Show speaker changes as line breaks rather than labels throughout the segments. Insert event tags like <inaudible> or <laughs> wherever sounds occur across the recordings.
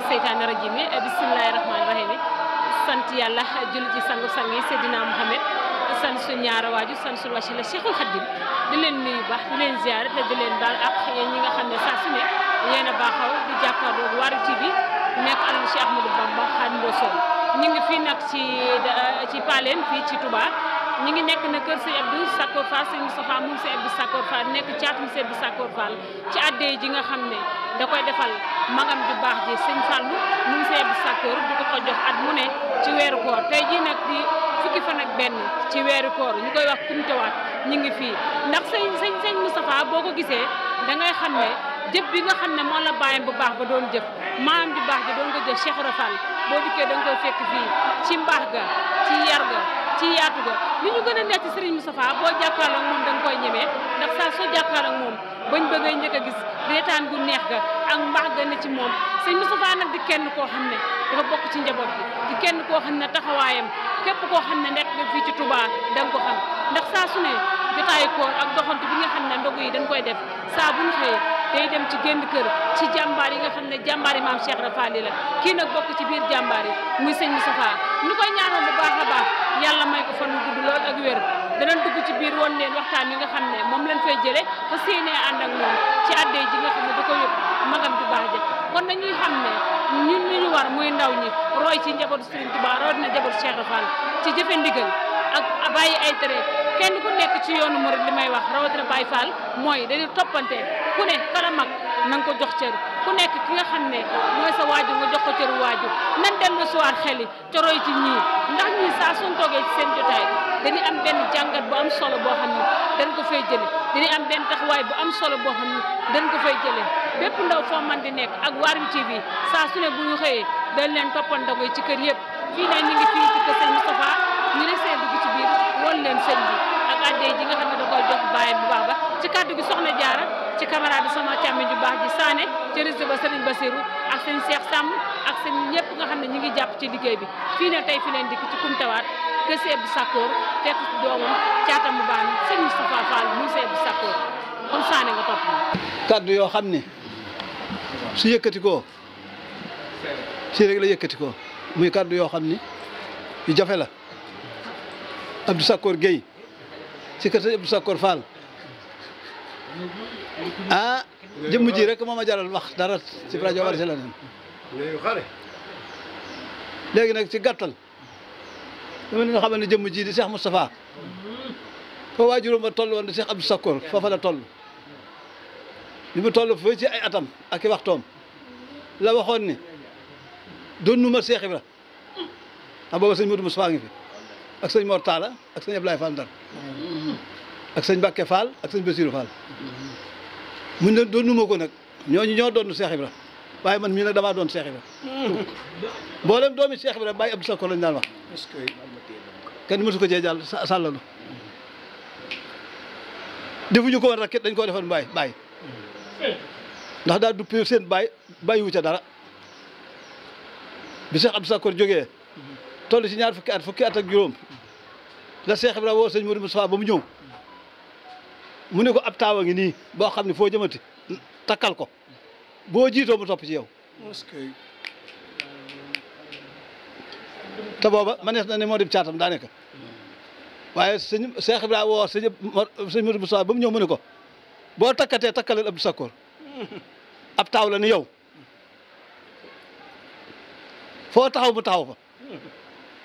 mina seytaani rajim yi bisimilahi rahmaani rahim sant yàlla julli ci sangu-sang yi Seydina Mouhamed sant su a waaju sant su wasila Cheikhul Khadim di leen nuyu baax di leen ziare te di leen daal ak yéen ñi nga xam ne saa su ne yéen a baaxaw di jàkkaarloo Waarwi TV nekk alal Cheikh Ahmadou Bamba Xaadimu Rasuul ñu ngi fii nag ci ci fii ci Touba. ñu ngi nekk na kër sëñ Abdou Sakor Fall sëñ Moustapha moom sëñ Abdou Sakor Fall nekk caatum sëñ Abdou Sakor Fall ci addee ji nga xam ne da koy defal magam ju baax ji sëñ Fallu moom sëñ Abdou Sakor di ko ko jox at mu ne ci weeru koor tey jii nag di fukki fan ak benn ci weeru koor ñu koy wax kumtewaat ñu ngi fii ndax sëñ sëñ sëñ Moustapha boo ko gisee da xam ne jëf bi xam ne moo la bàyyam bu baax ba doon jëf maam ju baax ji doon ko jëf Cheikh Rafal boo dikkee da koy fekk fii ci mbaax ga ci yar ga ci yaatu ga li ñu gën a nekk Serigne Moustapha boo jàkkaarloog moom da nga koy ñemee ndax saa soo jàkkaarloog moom bañ bëgg a njëkk a gis reetaan gu neex ga ak mbaax ga ne ci moom Serigne Moustapha nag di kenn koo xam ne dafa bokk ci njaboot bi di kenn koo xam ne taxawaayam képp koo xam ne nekk nga fii ci Touba da nga ko xam ndax saa su ne jotaayu koor ak doxantu bi nga xam ne ndogu yi dañ koy def saa bu ñu day dem ci génn kër ci jàmbaar yi nga xam ne jàmbaar yi maam Cheikh Rafali la kii nag bokk ci biir jàmbaar yi muy sëñ Moustapha ñu koy ñaanal bu baax a baax yàlla may ko fan wu gudd lool ak wér danañ dugg ci biir woon leen waxtaan yi nga xam ne moom leen fay jëlee fa séenee ànd ak moom ci addee ji nga xam ne da ko yóbbu magam ju baax ja kon dañuy xam ne ñun li ñu war muy ndaw ñi roy ci njabootu Serigne Touba rawatina njabootu Cheikh Fall ci jëfe ndigal ak bàyyi ay tere kenn ku nekk ci yoonu murid li may wax rawatina Baye Fall mooy dañuy toppante ku ne kala mag na ko jox cër. ku nekk ki nga xam ne mooy sa waajur nga jox ko cëru waajur nan dellu siwaat xel yi te roy ci ñii ndax ñii saa suñ toogee ci seen jotaay dañuy am benn jàngat bu am solo boo xam ne dañ ko fay jële bu am solo boo xam bépp ndaw foo man di nekk ak Waarwi TV saa su ne bu ñu xëyee dañ leen toppandoo ci kër yëpp fii ne ñu ngi fii ci kër sëñ Moustapha ñu resee dugg ci biir woon leen sëñ bi ak adde ji nga xam ne koy jox bàyyi bu baax ba ci kaddu gi soxna jaara ci caméra bi sama càmmi ju baax ji saane ci réseau ba Serigne Bassirou ak seen Cheikh Sam ak seen ñëpp nga xam ne ñi ngi jàpp ci liggéey bi fii ne tey fi leen dikk ci Koumtawaat kër Sëñ Abdou Sakkoor fekk doomam caatam bu baax sëñ Moustapha Fall mu Sëñ Abdou Sakkoor kon saane nga topp
kaddu yoo xam ne su yëkkati koo si rek la yëkkati ko muy kaddu yoo xam ni yu jafe la Abdou Sakkoor Gueye ci kër sëñ Abdou Sakor Fall ah
jëmm ji rek moo jaral
wax dara si rajo war si la nen léegi nag ci gàttal dama leen xamal ne jëmm ji di Cheikh Moustapha fa waajuram ba toll woon di Cheikh Abdou Sakor foofa la toll li mu toll foofu ci ay atam ak i waxtoom la waxoon ni doonuma Cheikh Ibra ndax ah, booba sëñ Modou Moustapha ngi fi ak sëñ Mor Talla ak sëñ Abdoulaye Fall Ndar ak sëñ Mbàkke Fall ak sëñ Basiru Fall mu ne doonu ko nag ñooñu ñoo doon Seex Ibra waaye man mii nag damaa doon Seex Ibra mboolem doomi Seex Ibra bàyyi Abdou Sakko lañu daan wax kenn mësu ko cee jàll sàllalu defuñu ko woon rek dañ koo defan bàyyi baay ndax daal du pire seen bàyyi bàyyi wu ca dara bi Seex Abdou Sakko jógee toll si ñaar fukki at fukki at ak juróom la Seex Ibra woo sëñ Mourou Moustapha ba mu ñëw mu ne ko ab taawa ngi nii boo xam ne foo jëmati takkal ko boo jiitoo mu topp ci yow euh, te booba manees na ne moo dem caatam daa nekk waaye sëñ Cheikh Ibrahima woo sëñ sëñ Modou Moussa ba mu ñëw mu ne ko boo takkatee takkalal Abdou Sakkoor ab taaw la ni yow foo taxaw mu taxaw fa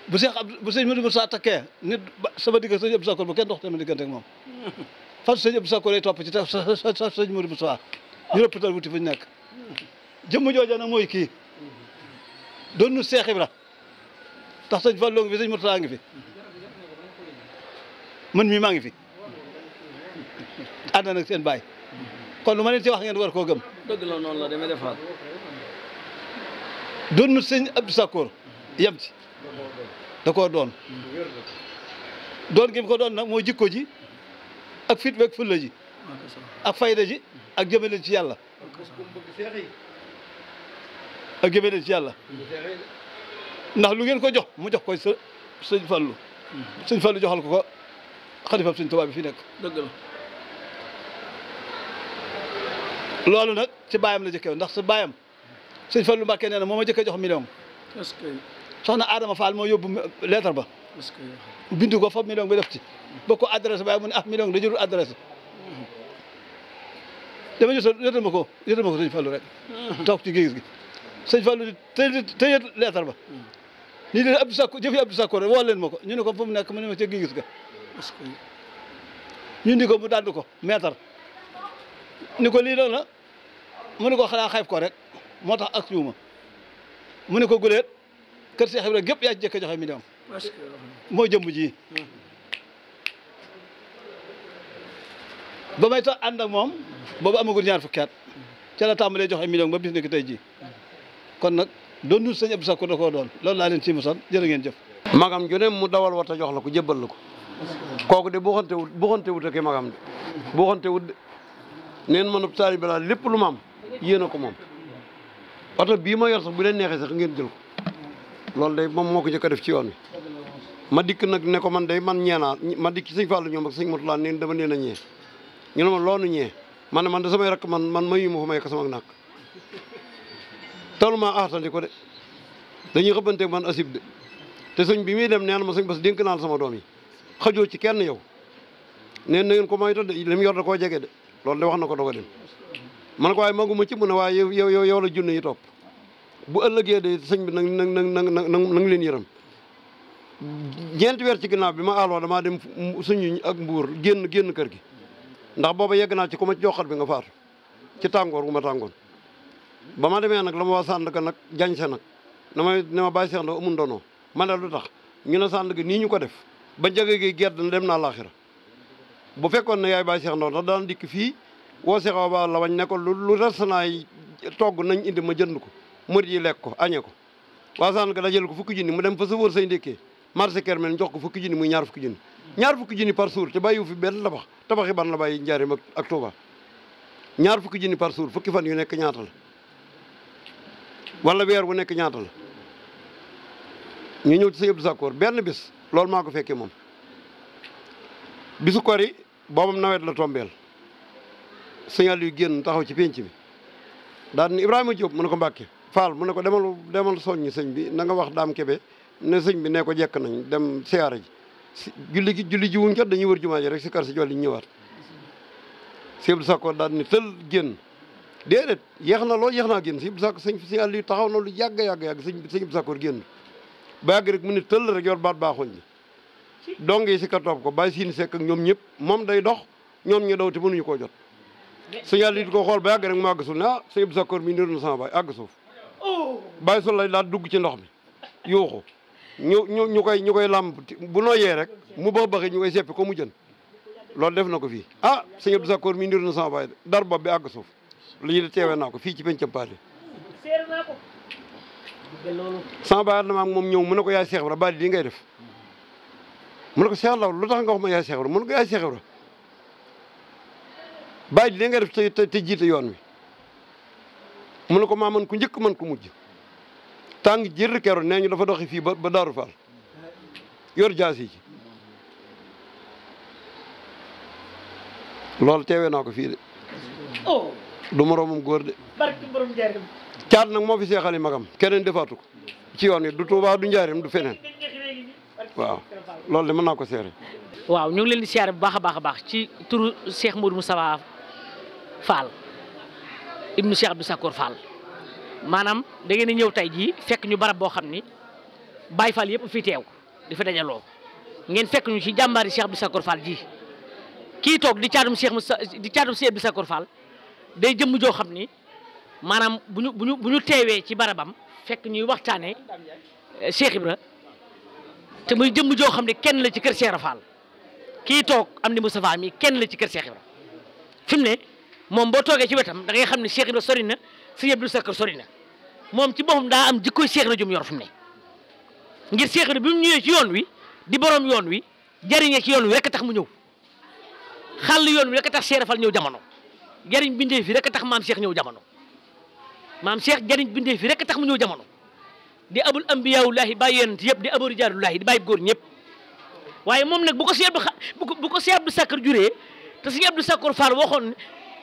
bu Cheikh bu sëñ Modou Moussa takkee nit sama digg sëñ Abdou Sakkoor ba kenn dox sama diggante ak moom fas sëñ Abdou Sakor lay topp ci te fas sëñ Modou Moussa ñu rëppatal wuti fa ñu nekk jëmm jooja nag mooy kii doon nu Seex Ibra tax sëñ Fallou ngi fi sëñ Mourtala ngi fi man mii maa ngi fi ànd nag seen baay kon lu ma leen ci wax ngeen war koo gëm. dëgg
noonu la demee defaat.
doon nu sëñ Abdou Sakor yem ci da doon doon gi mu ko doon nag mooy jikko ji. ak fit ak fulla ji ak fayda ji ak jëmale ci yàlla ak jëmale ci yàlla ndax lu ngeen ko jox mu jox koy sëñ Fallu hmm. sëñ Fallu joxal ko ko xalifab sëñ Tuubaa bi fi nekk dëgg la loolu nag ci baayam la jëkkee ndax sa baayam sëñ Fallu Mbàkke nee na moo ma jëkkee jox million soxna Adama Fall moo yóbbu lettre ba bind ko foofu million bi def ci bokk ko adresse waaye mu ne ah million da jërul adresse dama jot yotal ma ko yotal ma ko sëñ Fallou rek toog ci géej gi sëñ Fallou te teyet leetar ba nii leen Abdou Sakko jëfi Abdou Sakko rek woo leen ma ko ñu ne ko fu mu nekk mu ne ma ñu ndi ko mu dànd ko meetar ni ko lii doon mu ne ko xanaa xayf ko rek moo tax ak ñuuma mu ne ko guleet kër Cheikh Ibrahima gépp yaa ci jëkk joxe million mooy jëmm ji ba may tax ànd ak moom boobu amagul ñaar fukki at ca la tàmbalee jox ay million ba bis nekk tey ji kon nag doon nut sëñ Abdou Sakkour da koo doon
loolu laa leen ci mosal jërë ngeen jëf magam ju mu dawal wata jox la ko jébbal la ko kooku de buxantewut buxantewut ak magam de buxantewut de neen manub taalibe laa lépp lu ma am yéen ko moom oto bii ma yor sax bu leen neexee sax ngeen jël ko loolu day moom moo ko njëkk a def ci yoon wi ma dikk nag ne ko man day man ñeenaa ma dikk sëñ Fallou ñoom ak sëñ Moutalla ne dama leen a ñee ñu ne ma loonu ñee man ne man de samay rakk man man mayu ma fa may ko sama nàkk tollu maa aatandi ko de dañuy xëbante man asib de te suñ bi muy dem nee na ma sëñ bas dénk naan sama doom yi xajoo ci kenn yow neen na ngeen ko moytu de li mu yor da koo jege de loolu de wax na ko doog a dem man ko waaye maguma ci mu ne waaye yow yow yow la junne yi topp bu ëllëgee de sëñ bi nag nag nag nag nag leen yërëm ñeenti weer ci ginnaaw bi ma aaloo damaa dem suñu ak mbuur génn génn kër gi ndax booba yegg naa ci ko ma joxat bi nga faatu ci tàngoor wu ma tàngoon ba ma demee nag la ma waa Sandaga nag jañse nag na may ne ma bàyyi seex na amul ma ne lu tax ñu ne Sandaga nii ñu ko def ba njëge gi gedd na dem naa laaxira bu fekkoon ne yaay bàyyi seex na ndax daan dikk fii woo seexaw ba la wañ ne ko lu res naay togg nañ indi ma jënd ko murit yi lekk ko añee ko waa Sànq dajale ko fukki junni mu dem fa sëfoor say ndékkee marché Kermel jox ko fukki junni muy ñaar fukki junni ñaar fukki junni par jour te bàyyiwu fi benn tabax tabaxi ban la bàyyi njaarim ak Touba ñaar fukki junni par suur fukki fan yu nekk ñaata la weer wu nekk ñaata ñu ñëw ci sa yëpp sàkkoor benn bis loolu maa ko fekkee moom bisu kor yi boobam nawet la tombeel signal yu génn taxaw ci pénc bi daal ni Ibrahima Diop mu ne ko Mbàkke Fall mu ne ko demal demal soññ sëñ bi na wax daam kebe ne sëñ bi ne ko jekk nañ dem siyaara ji julli gi julli ji wuñ jot dañuy wër jumaa ji rek si kar si jolli ñëwaat sëñ bi Sakko daal ni tël génn déedéet yeex na loo yeex naa génn sëñ bi Sakko sëñ si àll yi taxaw na lu yàgg yàgg yàgg sëñ bi sëñ bi génn ba yàgg rek mu ne tël rek yor baat baaxoñ ji dong yi si ka topp ko ba siin sekk ak ñoom ñëpp moom day dox ñoom ñu daw te mënuñu koo jot sëñ àll yi di ko xool ba yàgg rek mu àgg suuf ne ah sëñ bi Sakko mi niru na sama baay àgg bàyyi sol lay daal dugg ci ndox mi yuuxu ñu ñu ñu koy ñu koy làmb bu nooyee rek mu bëx bëxi ñu koy seppi ko mu jën loolu def na ko fii ah sëñ Abdou Sakkoor mi ndir na sama baay dar bopp bi àgg suuf lu ñu di teewee naa ko fii ci pencam paale sama baay na maam moom ñëw mu ne ko yaay Seex Ibra baat di ngay def mu ne ko lu tax nga wax ko yaay Seex Ibra di ngay def te te yoon wi mu ne ko maa man ku njëkk man ku mujj tàng jër keroog nee ñu dafa doxi fii ba ba Daaru Faal yor jaas yi ci loolu teewee naa ko fii de oh. du moroomam góor de caat nag moo fi seexali magam keneen defaatu ko ci yoon wi du Tuubaa du njaarim du feneen
waaw loolu
de mën naa ko seere
waaw ñu ngi leen di siyaare bu baax a baax a baax ci turu Cheikh Modou Moustapha Fall ibnu Cheikh Abdou Sakkour Fall maanaam da ngeen di ñëw tey jii fekk ñu barab boo xam ni Baye Fall yëpp fi teew di fa dajaloo ngeen fekk ñu ci jàmbaari Cheikh Abdou Sakkour Fall ji kii toog di caatum Cheikh di caatum Cheikh Abdou Sakkour Fall day jëmm joo xam ni maanaam bu ñu ñu teewee ci barabam fekk ñuy waxtaanee eh, Cheikh Ibra te muy jëmm joo xam ne kenn la ci kër Cheikh Ibra Fall kii toog am ni Moustapha mii kenn la ci kër Cheikh Ibra fi moom boo toogee ci wetam da ngay xam ne Cheikh Ibra sori na Sëriñ Abdou Sakar sori na moom ci boppam daa am jikkoy Cheikh Ibra jum yor ne ngir Cheikh bi mu ñëwee ci yoon wi di borom yoon wi jariñee ci yoon wi rek tax mu ñëw xàll yoon wi tax Cheikh Fall ñëw jamono jariñ bindee fi a tax maam Cheikh ñëw jamono maam Cheikh jariñ bindee fi rek tax mu ñëw jamono di abul ambiyawullahi bàyyi yonent yëpp di abul rijaalullahi di bàyyi góor ñëpp waaye moom nag bu ko Cheikh bu ko bu ko Cheikh Abdou Sakar juree te Sëriñ Abdou Sakar Fall waxoon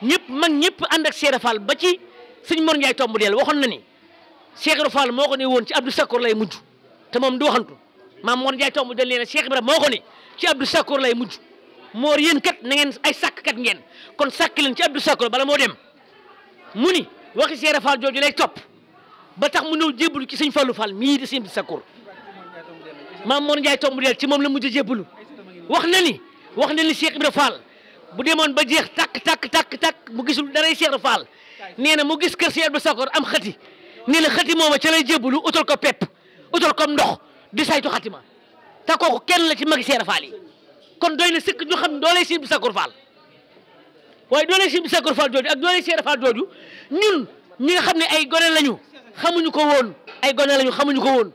ñëpp mag ñëpp ànd ak Cheikh ba ci sëñ Mor Ndiaye tomb deel waxoon na ni Cheikh Fall moo ko ne woon ci Abdou Sakkour lay mujj te moom du tu maam Mor Ndiaye tomb deel nee na Cheikh Ibrahima moo ko ne ci Abdou lay mujj moor yéen kat na ngeen ay sàkkkat ngeen kon sàkk leen ci Abdou bala moo dem mu ni waxi Cheikh Fall jooju lay topp ba tax mu ñëw jébbalu ci sëñ Fallou Fall mii di sëñ Abdou Sakkour maam Mor Ndiaye tomb deel ci moom la mujj jébbalu wax na ni wax na ni Cheikh Ibrahima Fall bu demoon ba jeex takk takk takk takk mu gisul daray Cheikh Fall nee na mu gis kër Cheikh Abdou Sakor am xëti nee na xëti moom ca lay jébbalu utal ko pepp utal ko ndox di saytu xatima te kooku kenn la ci magi Cheikh Fall yi kon doy na sëkk ñu xam doole Cheikh Abdou waaye doole Cheikh Abdou Sakor jooju ak doole Cheikh Fall jooju ñun ñi nga xam ne ay gone lañu xamuñu ko woon ay gone lañu xamuñu ko woon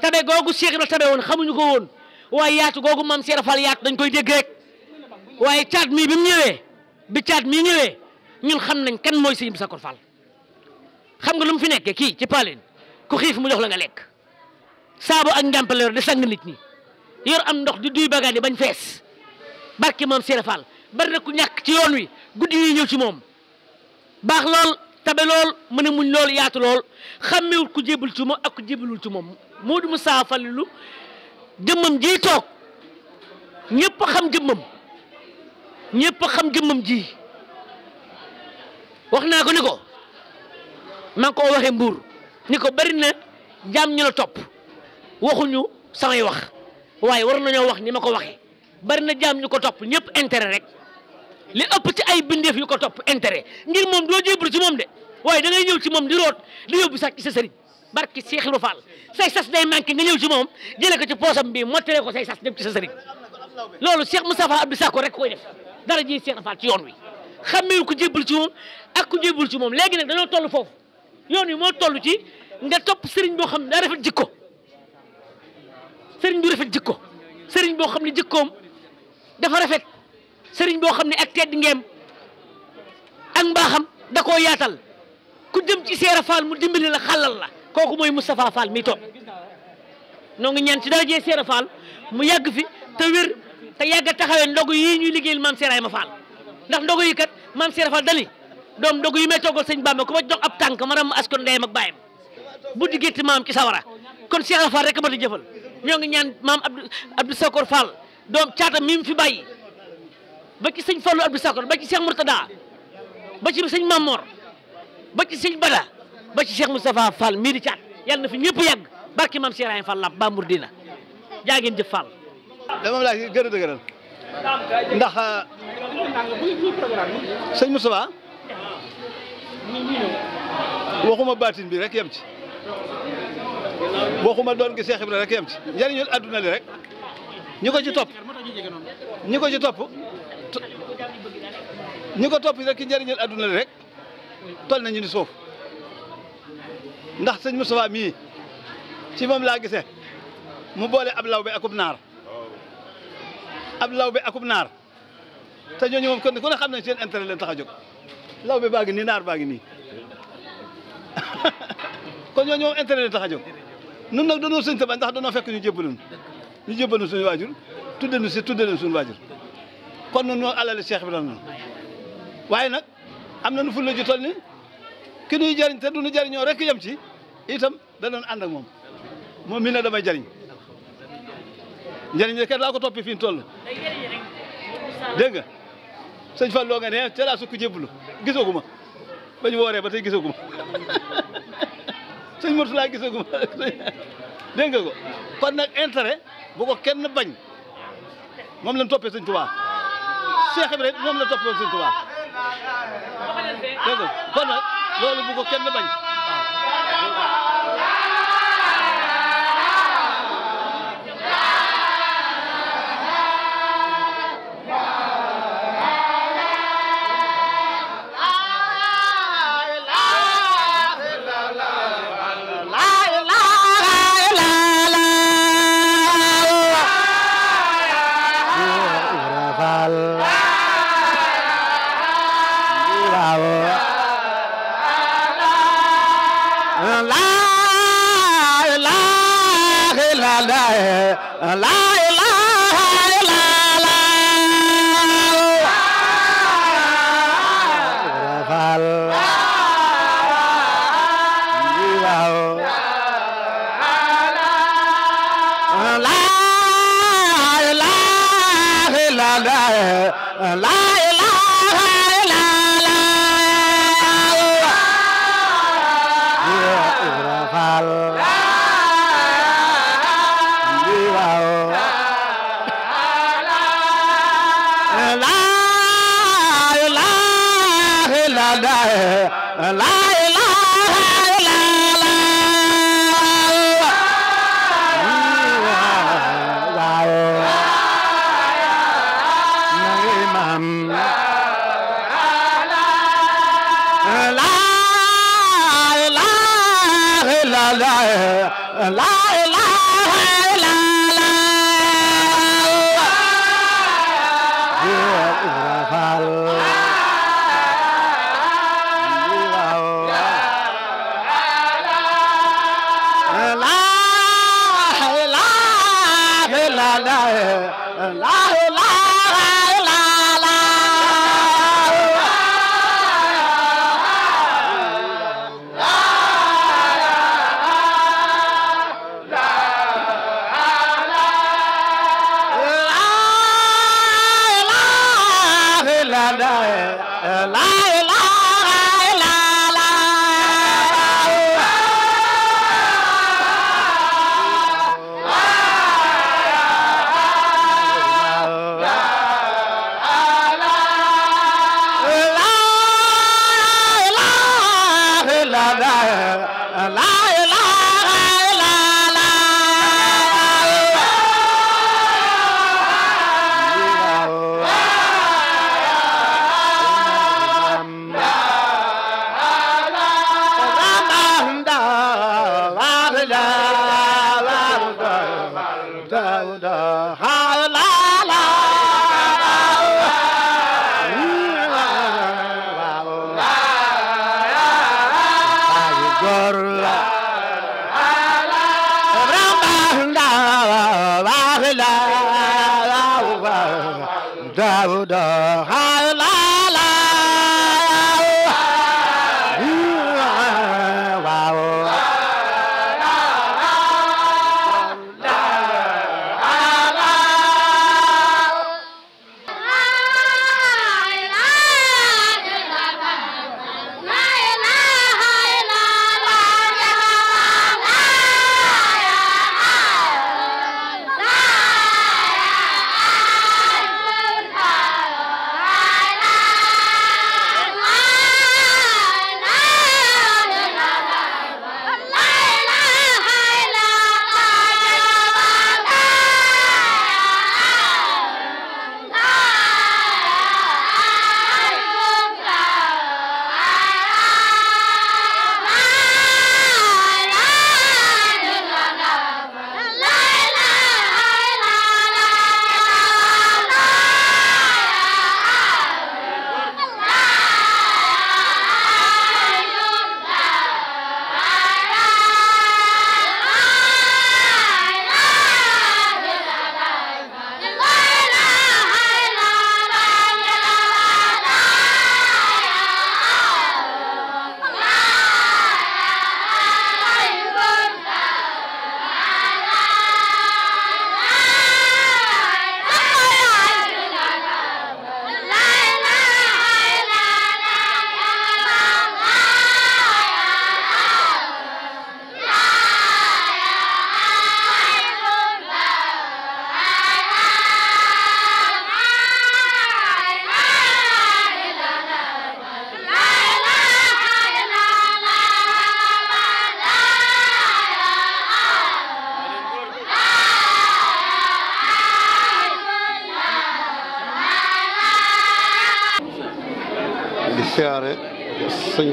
tabe googu Cheikh Ibra tabe woon xamuñu ko woon yaatu googu maam Cheikh Fall dañ koy dégg rek waaye caat mii bi mu ñëwee bi caat mii ñëwee ñun xam nañ kan mooy sëñ Sakor Fall xam nga lu mu fi nekkee kii ci paalin ku xiif mu jox la nga lekk saabu ak njàmpaleer di sang nit ñi yor am ndox di duy bagaan yi bañ fees barke moom Sëriñ Fall bari na ku ñàkk ci yoon wi guddi yi ñëw ci moom baax lool tabe lool mën ne muñ lool yaat lool xàmmewul ku jébul ci moom ak ku jébalul ci moom Modou Moussa Fallilou jëmmam ji toog ñëpp xam jëmmam ñëpp xam jëmmam ji wax naa ko ni ko maa ngi ko waxee mbuur ni ko bari na jaam ñu la topp waxuñu samay wax waaye war ñoo wax ni ma ko waxee bari na jaam ñu ko topp ñëpp intere rek li ëpp ci ay bindeef yu ko topp intere ngir moom doo jébbalu ci moom de waaye da ngay ñëw ci moom di root di yóbbu sax ci sa sëriñ barki Seex Ibra Faal say sas day manqué nga ñëw ci moom jëlee ko ci poosam bi mottale ko say sas dem ci sa sëriñ loolu Cheikh Moustapha Abdou Sakho rek koy def dara ji seen faal ci yoon wi xammee ku jébbal ci moom ak ku jébbal ci moom léegi ne dañoo tollu foofu yoon wi moo tollu ci nga topp sëriñ boo xam ne daa rafet jikko sëriñ bu rafet jikko sëriñ boo xam ne jikkoom dafa rafet sëriñ boo xam ne ak tedd ngeem ak mbaaxam da koo yaatal ku jëm ci Seera Fall mu dimbali la xalal la kooku mooy Moustapha Fall mi toog noo ngi ñaan ci dara jee Seera mu yàgg fi te wér te yàgg taxawe taxawee ndogu yii ñuy liggéeyal maam Seeraay ma Faal ndax ndogu yi kat maam Seeraay Faal dani doom ndogu yi may toggal sëñ Bàmba ku ma jox ab tànk ma ram askan ndeyam ak bàyyam bu di gétti maam ci sawara kon Seeraay Faal rek a mën a ñoo ngi ñaan maam Abdou Abdou Sakor Fall doom caata mi mu fi bàyyi ba ci sëñ Fallu Abdou ba ci Cheikh Mourtada ba ci sëñ Mamor ba ci sëñ ba ci Cheikh Moustapha Fall mii di caat yàlla na fi ñëpp yàgg barki maam Seeraay Faal la Bambour dina jaa ngeen jëf da moom laa gën a ndax euh, sëñ Moustapha
waxuma baatin bi rek yem ci waxuma doon gi Seex Ibra rek yem ci njëriñul adduna li rek ñi ko ci topp ñi ko ci topp ñi ko topp rek ki njëriñul adduna rek tol nañu ni soof ndax sëñ Moustapha mii ci moom laa gisee mu boole ab law bi akub naar ab law be akub naar te ñooñu moom kon ku ne xam nañ seen intérêt leen tax a jóg law be baa ngi nii naar baa ngi nii <laughs> kon ñooñu moom intérêt leen tax a jóg nun nag danoo sëñ bañ ndax danoo fekk ñu jébbalun ñu jébbalun suñu waajur tudde nu si tudde leen suñu waajur kon nun ñoo alali Cheikh bi la noonu waaye nag am na nu fulla ju toll ni ki nuy jëriñ te du nu jariñoo rek yem ci itam danañ ànd ak moom moom mi ne damay jariñ njëriñ la kenn laa ko toppee fi mu toll. dégg nga sëñ Fallou nga ne ah, ca laa sukk jébbalu gisagu ma ba wooree ba tey gisagu ma <laughs> sëñ Mourtala gisagu ma <laughs> dégg nga ko kon nag intérêt bu ko kenn bañ moom lañ toppee sëñ Touba Cheikh Ibrahima moom la toppee woon sëñ kon nag loolu bu kenn bañ.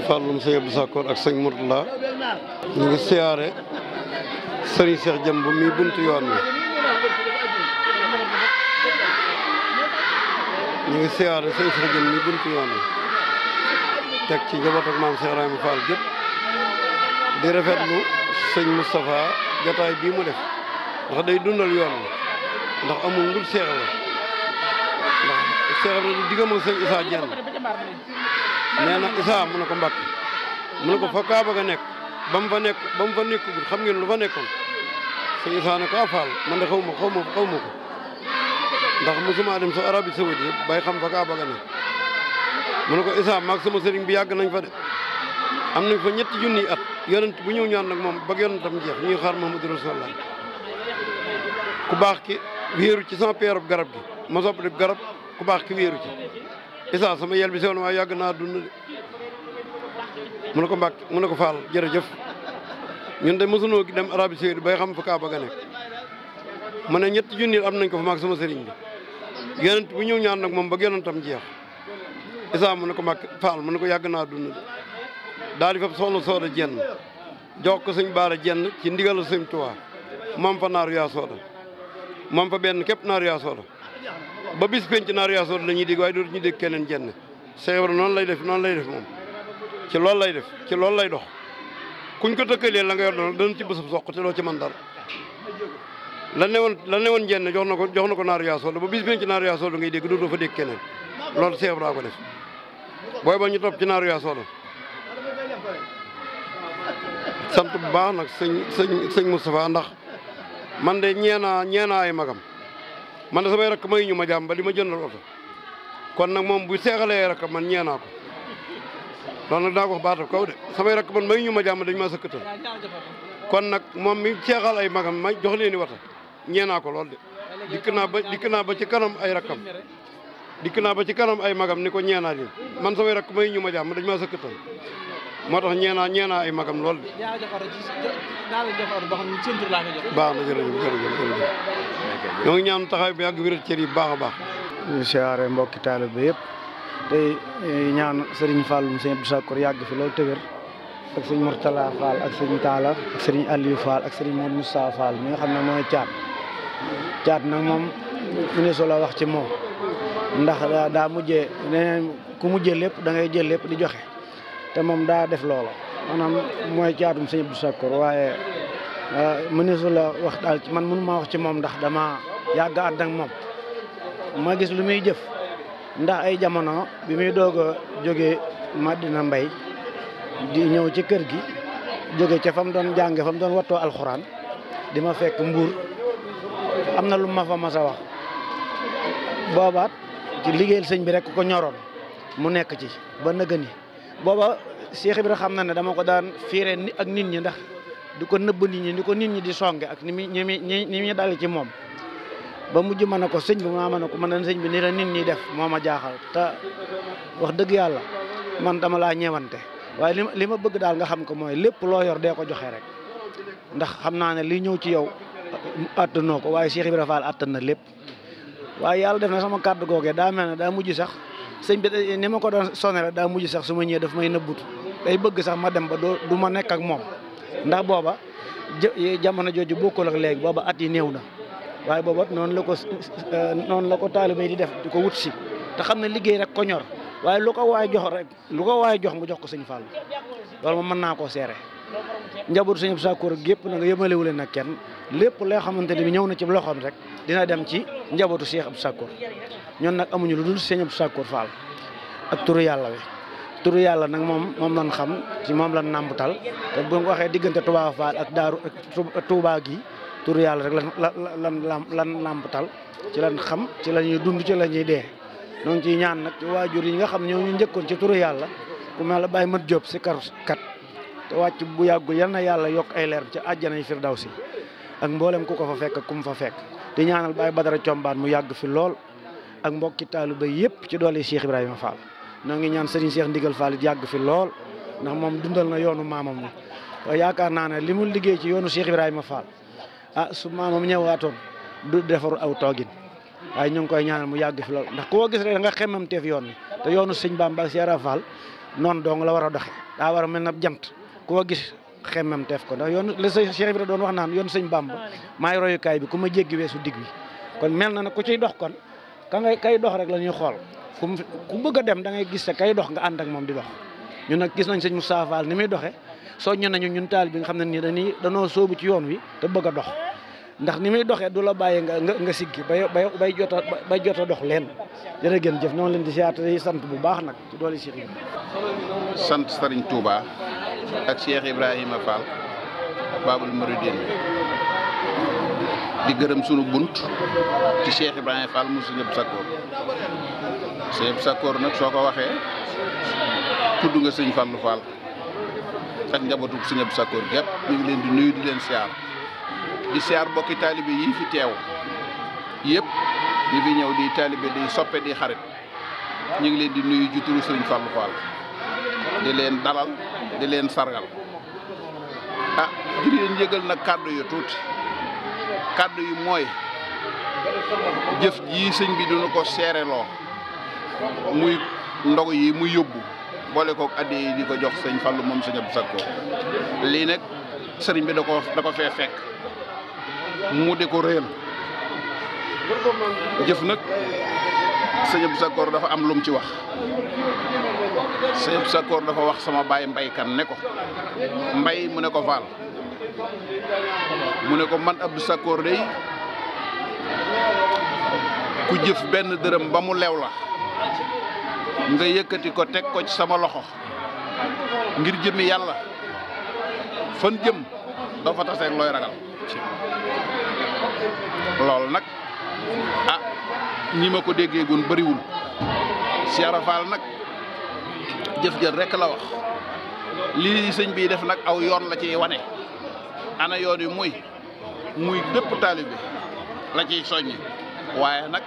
Falloum sëñ Abdou Sakor ak sëñ Mourtala ñu ngi siyaare sëriñ Cheikh Jëmb mi buntu yoon wi ñu ngi siyaare sëriñ Cheikh Jëmb mi buntu yoon wi teg ci njaboot ak maam Cheikh Rahima Fall gépp di rafetlu sëñ Moustapha jataay bii mu def ndax day dundal yoon ndax amul ngul Cheikh la du diggam ak sëñ Issa
nee na Isaa mu
ne ko Mbàkke mu ne ko fa Kaaba ga nekk ba mu fa nekk ba mu fa nekkul xam ngeen lu fa nekkoon sëñ Isaa ne ko a ah, Faal man de xaw ma xaw ma xaw ma ko ndax mosuma dem sa Arabie Saoudite bay xam fa Kaaba ga nekk mu ne ko Isaa maag sama sëriñ bi yàgg nañ fa de am nañ fa ñetti junni at yonent bu ñëw ñaan nag moom bag ba yonentam jeex ñuy xaar Muhammadu Rasulullah ku baax ki wéeru ci sama peerub garab gi ma sopp garab ku baax ki wéeru ci Issa sama yel bi sewoon waaye yàgg naa dund de
mu ne ko mbàkk mu ne ko faal jërëjëf
ñun de mosunoo gi dem Arabie Saoudite bay xam fa Kaaba ga nekk ma ne ñetti junni am nañ ko fa maag sama sëriñ bi yonent bu ñëw ñaan nag moom ba yonentam jeex Issa mu ne ko mbàkk faal mu ne ko yàgg naa dund de daal di fa soxna sooda jenn jox ko suñ baara jenn ci ndigal suñ tuwaa moom fa naaru sooda moom fa benn képp naaru sooda ba bis penc naar yaasoor la ñuy dégg waaye ñu dégg keneen jenn Cheikh Ibra noonu lay def noonu lay def moom ci loolu lay def ci loolu lay dox kuñ ko tëkkalee la nga yor doon danañ ci bésub soq te doo ci man dara lan ne woon lan ne woon jenn jox na ko jox na ko naar yaasoor la ba bis penc naar yaasoor la ngay dégg dootoo fa dégg keneen loolu Cheikh Ibra ko def booy ba ñu topp ci naar yaasoor la sant baax nag sëñ sëñ sëñ Moustapha ndax man de ñeena ñeena ay magam man da samay rakk mayuñu ñu jàmm ba li ma jëndal oto kon nag moom bu seexalee rakk man ñee naa ko loolu nag daa ko baatal kaw de samay rakk man mayuñu ma jàmm dañu maa sëkkatal kon nag moom mi seexal ay magam ma jox leen i wata ñee naa ko lool de dikk naa ba dikk naa ba ci kanam ay rakkam dikk naa ba ci kanam ay magam ni ko ñee naa man samay rakk mayuñu ma jàmm dañu maa sëkkatal moo tax ñeenaa ñeenaa ay magam lool de.
naa la jox oto baax na jërëjëf
jërëjëf jërëjëf. ñoo ngi ñaan taxaw bi ak wér cër yi baax a baax. ñu siyaare mbokki
taalibe bi yëpp tey eh, ñaan Serigne Fallou sëñ Abdou Sakor yàgg fi loolu tëwër ak sëñ Mourtala Fall ak sëñ Talla ak sëñ Aliou Fall ak sëñ Modou Moussa Fall mi nga xam ne mooy caat caat nag moom mu ne solo wax ci moom ndax daa mujjee nee ku mujjee lépp dangay jël lépp di joxe. te moom daa def loola maanaam mooy caatum sëñ Abdou Sakkoor waaye euh, mëneesu la wax daal ci man mënu maa wax ci moom ndax dama yàgg ànd ak moom ma gis lu muy jëf ndax ay jamono bi muy doog a jógee Mbay di ñëw ci kër gi jóge ca fa mu doon jànge fa mu doon wattoo alxuraan di ma fekk mbuur am na lu ma fa mas a wax boobaat ci liggéeyal sëñ bi rekk ko ñoroon mu nekk ci ba nëgëni booba Cheikh Ibra xam na ne dama ko daan fiire ak nit ñi ndax di ko nëbb nit ñi di ko nit ñi di songe ak ni muy ni muy ni muy dal ci moom ba mujj mën a ko sëñ bi maa mën a ko mën a sëñ bi ni la nit def moo ma jaaxal te wax dëgg yàlla man dama laa ñeewante waaye li li ma bëgg daal nga xam ko mooy lépp loo yor dee ko joxe rek ndax xam naa ne li ñëw ci yow àttanoo ko waaye Cheikh Ibra Fall àttan na lépp waaye yàlla def na sama kàddu googee daa mel ne daa mujj sax sëñ bi ni ma ko doon sonné rek daa mujj sax suma ma ñëwee daf may nëbbut day bëgg sax ma dem ba doo du ma nekk ak moom ndax booba eh, jamono jooju bokkul ak léegi booba at yi néew na waaye booba noonu la ko eh, noonu la ko taalibe yi di def di ko wut si te xam ne liggéey rek ko ñor waaye lu ko waay jox rek lu ko waay jox mu jox ko sëñ Fall loolu moom mën naa koo seere njabootu sëñ Abdou Sakor gépp na nga yëmalewu leen nag kenn lépp loo xamante ne bi ñëw na ci loxoom rek dina dem ci njabootu Cheikh Abdou Sakkour ñun nag amuñu lu dul Sëñ Abdou Sakkour Fall ak turu yàlla wi turu yàlla nag moom moom lan xam ci moom lañ nàmbutal te bu waxee diggante Touba Fall ak Daaru ak Touba gi turu yàlla rek lan lan lan lan nàmbutal ci lan xam ci la ñuy dund ci la dee ñoo ngi ciy ñaan nag waajur yi nga xam ñoo ñu njëkkoon ci turu yàlla ku mel la bàyyi mat Jóob si kar kat te wàcc bu yàggul yal na yàlla yokk ay leer ci àjjana yi Firdawsi ak mbooleem ku ko fa fekk kum fa fekk di ñaanal Baye Badara Combaan mu yàgg fi lool ak mbokki taalu taaliba yëpp ci doole Cheikh Ibrahima Fall noo ngi ñaan Serigne Cheikh Ndigal Fall it fi lool ndax moom dundal na yoonu maamam ni yaakaar naa ne li mu liggéey ci yoonu Cheikh Ibrahima Fall ah su maamam ñëwaatoon du defaru aw toogin waaye ñu ngi koy ñaanal mu yàgg fi lool ndax gis rek da nga xemam teef yoon ni te yoonu Sëñ Bamba Cheikh Fall noonu dong la war a doxe daa war a mel na jant koo gis xemmem teef ko ndax yoon la sëñ Cheikh doon wax naan yoon sëñ Bamba maay royukaay bi ku ma jéggi weesu digg bi kon mel na ne ku ciy dox kon ka ngay kay dox rek la ñuy xool fu mu ku bëgg a dem da ngay gis te kay dox nga ànd ak moom di dox ñun nag gis nañ sëñ Moustapha Fall ni muy doxee soññ ñu ñun taal bi nga xam ne nii dañuy danoo sóobu ci yoon wi te bëgg a dox ndax ni muy doxee du la bàyyi nga nga siggi bay bay bay jot a jot dox leen jërë ngeen jëf ñoo leen di siyaat sant bu baax nag ci doole Cheikh Ibra
sant Serigne ak Cheikh Ibrahima Fall Babul Mouridine di gërëm sunu bunt ci Cheikh Ibrahima Fall mu Sëñ Abdou Sakkoor Sëñ Abdou Sakkoor nag soo ko waxee tudd nga Sëñ Fallu Fall ak njabootu Sëñ Abdou Sakkoor gépp ngi leen di nuyu di leen siyaar di siyaar bokki taalibe yi fi teew yëpp ñu fi ñëw di taalibe di soppe di xarit ñu ngi leen di nuyu ju turu Sëriñ Fallu Fall di leen dalal di leen sargal ah jigéen yëgal nag kàddu yu tuuti kàddu yu mooy jëf ji sëñ bi duñu ko seereloo muy ndog yi muy yóbbu boole kook addi di ko jox sëñ Fallu moom sëñ bu Sakko lii nag sëriñ bi da ko da ko fekk mu di ko réel jëf nag sëñ Abdou Sakko dafa am lum ci wax sëñ Sakoor dafa wax sama baay mbaykan ne ko mbay mu ne ko faal mu ne ko man Abdou Sakoor day ku jëf benn dërëm ba mu leew la nga yëkkati ko teg ko ci sama loxo ngir jëmi yàlla fan jëm doo fa taseeg looy ragal loolu nag ah ñi ma ko déggee bariwul bëriwul Cheikh Fall jëf jël rek la wax lii sëñ bii def nag aw yoon la ciy wane ana yoon yu muy muy bépp taalibe la ciy soññi waaye nag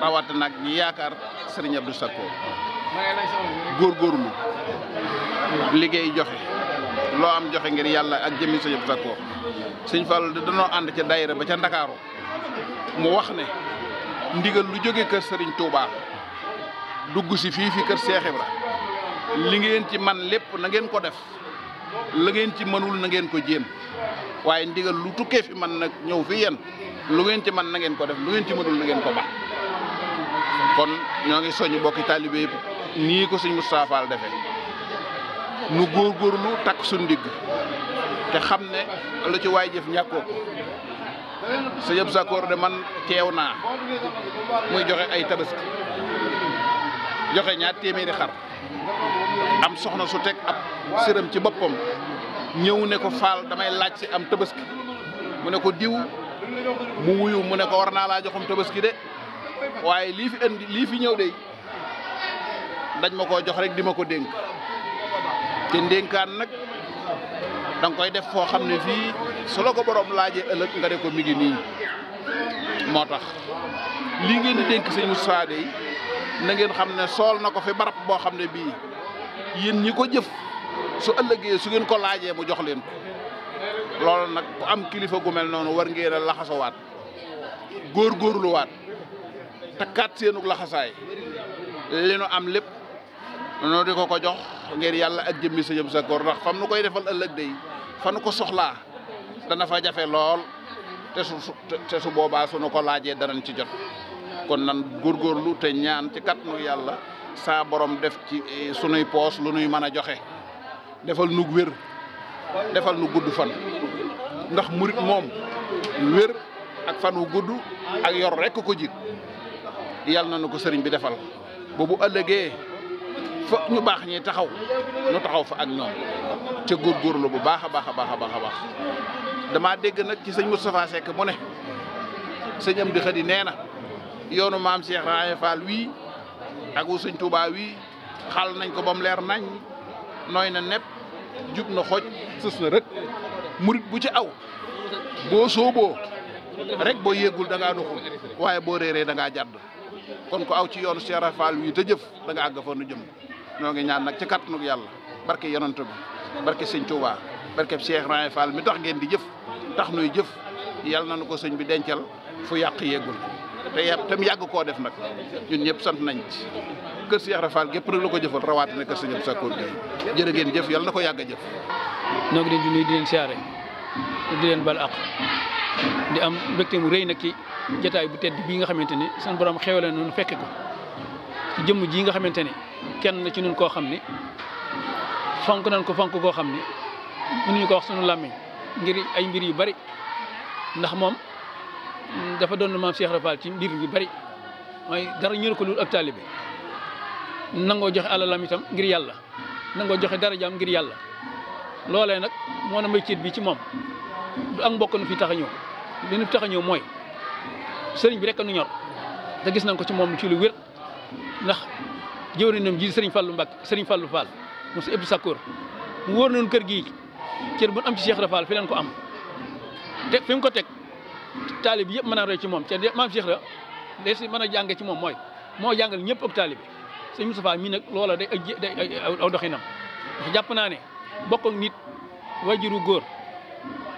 rawat nag ñi yaakaar sëriñ Abdou góor góorgóorlu liggéey joxe loo am joxe ngir yàlla ak jëmmi sëñ Abdou Sakkoor sëñ Fall di danoo ànd ca daayira ba ca Ndakaaru mu wax ne ndigal lu jóge kër sëriñ Touba dugg si fii fi kër Seex Ibra li ngeen ci man lépp nangeen ngeen ko def la ngeen ci mënul nangeen ngeen ko jéem waaye ndigal lu tukkee fi man nag ñëw fi yéen lu ngeen ci man na ngeen ko def lu ngeen ci mënul na ngeen ko bax kon ñoo ngi soññ bokki taalibe yëpp nii ko siñ mu Fall defe nu góorgóorlu takk suñ ndigg te xam ne lu ci waay jëf ñàkkoo ko sa yëpp de man teew naa muy joxe ay tabaski joxe ñaar téeméeri xar am soxna su teg ab sëram ci boppam ñëw ne ko faal damay laaj si am tabaski mu ne ko diw mu wuyu mu ne ko war naa laa joxum tabaski de waaye lii fi indi lii fi ñëw de dañ ma koo jox rek di ma ko dénk te ndénkaan nag da koy def foo xam ne fii su la ko borom laajee ëllëg nga ne ko mi ngi nii moo tax lii ngeen di dénk sëñ Moussa de na ngeen xam ne sool na ko fi barab boo xam ne bii. yéen ñi ko jëf su ëllëgee su ngeen ko laajee mu jox leen ko loolu nag ku am kilifa gu mel noonu war ngeen a laxasawaat góorgóorluwaat takkaat seenug laxasaay li nu am lépp noo di ko ko jox ngir yàlla ak jëmmi sa jëm sa góor ndax fam nu koy defal ëllëg day fa ko soxlaa dana fa jafe lool te su te su boobaa su nu ko laajee danañ ci jot kon nan góorgóorlu te ñaan ci kat nu yàlla saa boroom def ci eh, sunuy poos lu nuy mën a joxe defal nu wér defal nu gudd fan ndax murit moom wér ak fan wu gudd ak yor rekk ko jig yàlla na nu ko sëriñ bi defal ba bu ëllëgee fa ñu baax ñi taxaw ñu taxaw fa ak ñoom ca góorgóorlu bu baax a baax a baax a baax a baax damaa dégg nag ci sëñ Moustapha mu ne sëñ am di xëdi nee na yoonu maam Cheikh Raye Fall wii tagu sëñ Tuubaa wi xal nañ ko ba mu leer nañ nooy na nepp jub na xoj sës na rek murit bu ci aw boo sooboo rek boo yéegul da ngaa nuxul waaye boo réeree da ngaa jàdd kon ko aw ci yoonu Cheikh Rafal wi te jëf da nga àgg fa jëm ñoo ngi ñaan nag ci kàttanug yàlla barke yonent bi barke sëñ Tuubaa barke Cheikh Rafal mi tax ngeen di jëf tax nuy jëf yàlla na nu ko sëñ bi dencal fu yàq yéegul te ya tam yàgg koo def nag ñun ñëpp sant nañ ci kër Cheikh Rafal gépp nag la ko jëfal rawatina kër Serigne sa Gueye jërë ngeen jëf yàlla na ko yàgg a jëf.
ñoo ngi leen di nuyu di leen siyaare di leen bal àq di am mbégte mu rëy nag ki jetaay bu tedd bii nga xamante ni seen borom xéwale noonu fekke ko ci jëmm jii nga xamante ni kenn na ci ñun koo xam ni fonk nañ ko fonk koo xam ni mënuñu ko wax sunu làmmiñ ngir ay mbir yu bari ndax moom. dafa doon maam Cheikh Rafal ci mbir yu bari mooy dara ñëru ko lu ak taalibe nangoo joxe alalam itam ngir yàlla nangoo joxe dara jaam ngir yàlla loole nag moo na may céet bi ci moom du ak mbokk tax a ñëw li nu ñëw mooy sëriñ bi rek nu ñor nañ ko ci moom ci lu wér ndax jëw nañu ji sëriñ Fallou Mbacke sëriñ Fallou Fall si ëpp Sakkoor mu wóor nañu kër gii cër bu am ci Cheikh Rafal fi ko am te fi ko teg. taalib yëpp mën a roy ci moom te maam a jànge ci moom mooy moo jàngal ñëpp ak taalib sëñ Moustapha mii nag loola day day aw doxinam jàpp naa ne bokk ak nit wajuru góor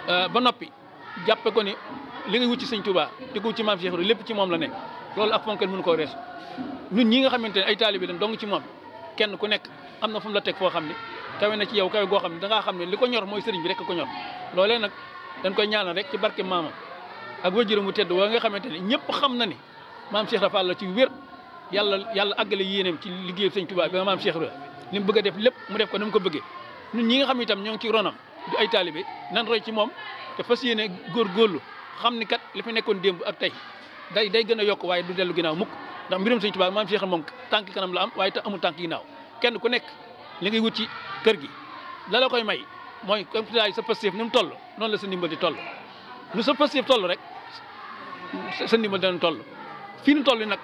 euh, ba noppi jàppe ko ni li nga wut ci sëñ Touba di ko wut ci maam Cheikh lépp ci moom la ne loolu ak fonkal mënu koo rees ñun ñi nga xamante ne ay taalibe lañ dong ci moom kenn ku nekk am na fu la teg foo xam ne kawe na ci yow kawe goo xam ne dangaa xam ne li ko ñor mooy sëriñ bi rek ko ñor loolee nag dañ koy ñaanal rek ak wajuram mu tedd waa nga xamante ne ñëpp xam na ni maam Cheikh Rafal la ci wér yàlla yàlla àggale yéeneem ci liggéey sëñ Tuubaa bi nga maam Cheikh Rafal li mu bëgg a def lépp mu def ko ni mu ko bëggee ñun ñi nga xam itam ñoo ngi ci ronam du ay taalibe nan roy ci moom te fas yéene góor góorlu xam ni kat li fi nekkoon démb ak tey day day gën a yokk waaye du dellu ginaaw mukk ndax mbirum sëñ Tuubaa maam Cheikh moom tànk kanam la am waaye te amul tànk ginnaaw kenn ku nekk li ngay wut ci kër gi la koy may mooy comme sa pastéef ni mu toll noonu la sa ndimbal di lu sa pës yëpp rek sa ndimbal dana toll fii nu toll nag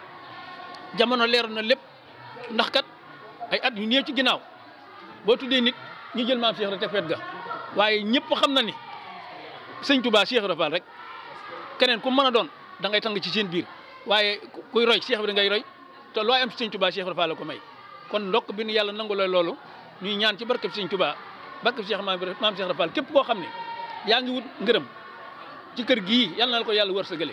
jamono leer na lépp ndax kat ay at yu néew ci ginnaaw boo tuddee nit ñu jël maam Cheikh Ibra tefeet ga waaye ñëpp xam na ni sëñ Touba Cheikh Ibra Fall rek keneen ku mën a doon da ngay tàng ci seen biir waaye ku roy Cheikh Ibra ngay roy te loo am ci sëñ Touba Cheikh Ibra Fall la ko may kon ndokk bi nu yàlla nangu la loolu ñuy ñaan ci barkeb sëñ Touba barkeb Cheikh maam Cheikh Ibra Fall képp koo xam ne yaa ngi wut ci kër gii yal na ko yàlla wërsëgale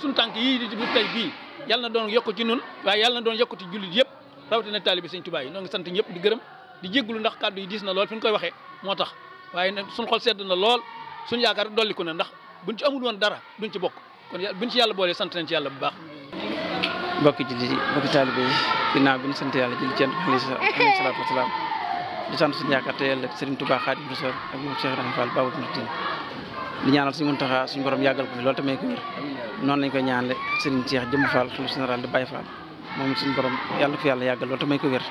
suñu tànk yii di bu tey bii yal na doon yokk ci nun waaye yal na doon yokk ci jullit yëpp rawatina taalibi sëñ Tuubaa yi noo ngi sant ñëpp di gërëm di jéggulu ndax kàddu yi diis na lool fi ñu koy waxee moo tax waaye nag suñ xol sedd na lool suñ yaakaar dolliku na ndax buñ ci amul woon dara duñ ci bokk kon buñ ci yàlla boolee sant nañ ci bu baax
mbokki jullit yi mbokki taalibe yi ginnaaw bi sant yàlla ci alayhi salaatu wasalaam di sant suñu yaakaar te yàlla Sëriñ Tuubaa Xaadimu Rasuul ak moom Cheikh Ibrahima Fall Baabul Muridiin di ñaanal suñu Muntaxa suñ borom yàggal ko loolu tamit noonu lañ koy ñaanale Serigne Cheikh Jëmm Fall xalif général de Baye Fall moom suñ borom yàlla ko fi yàlla ko wér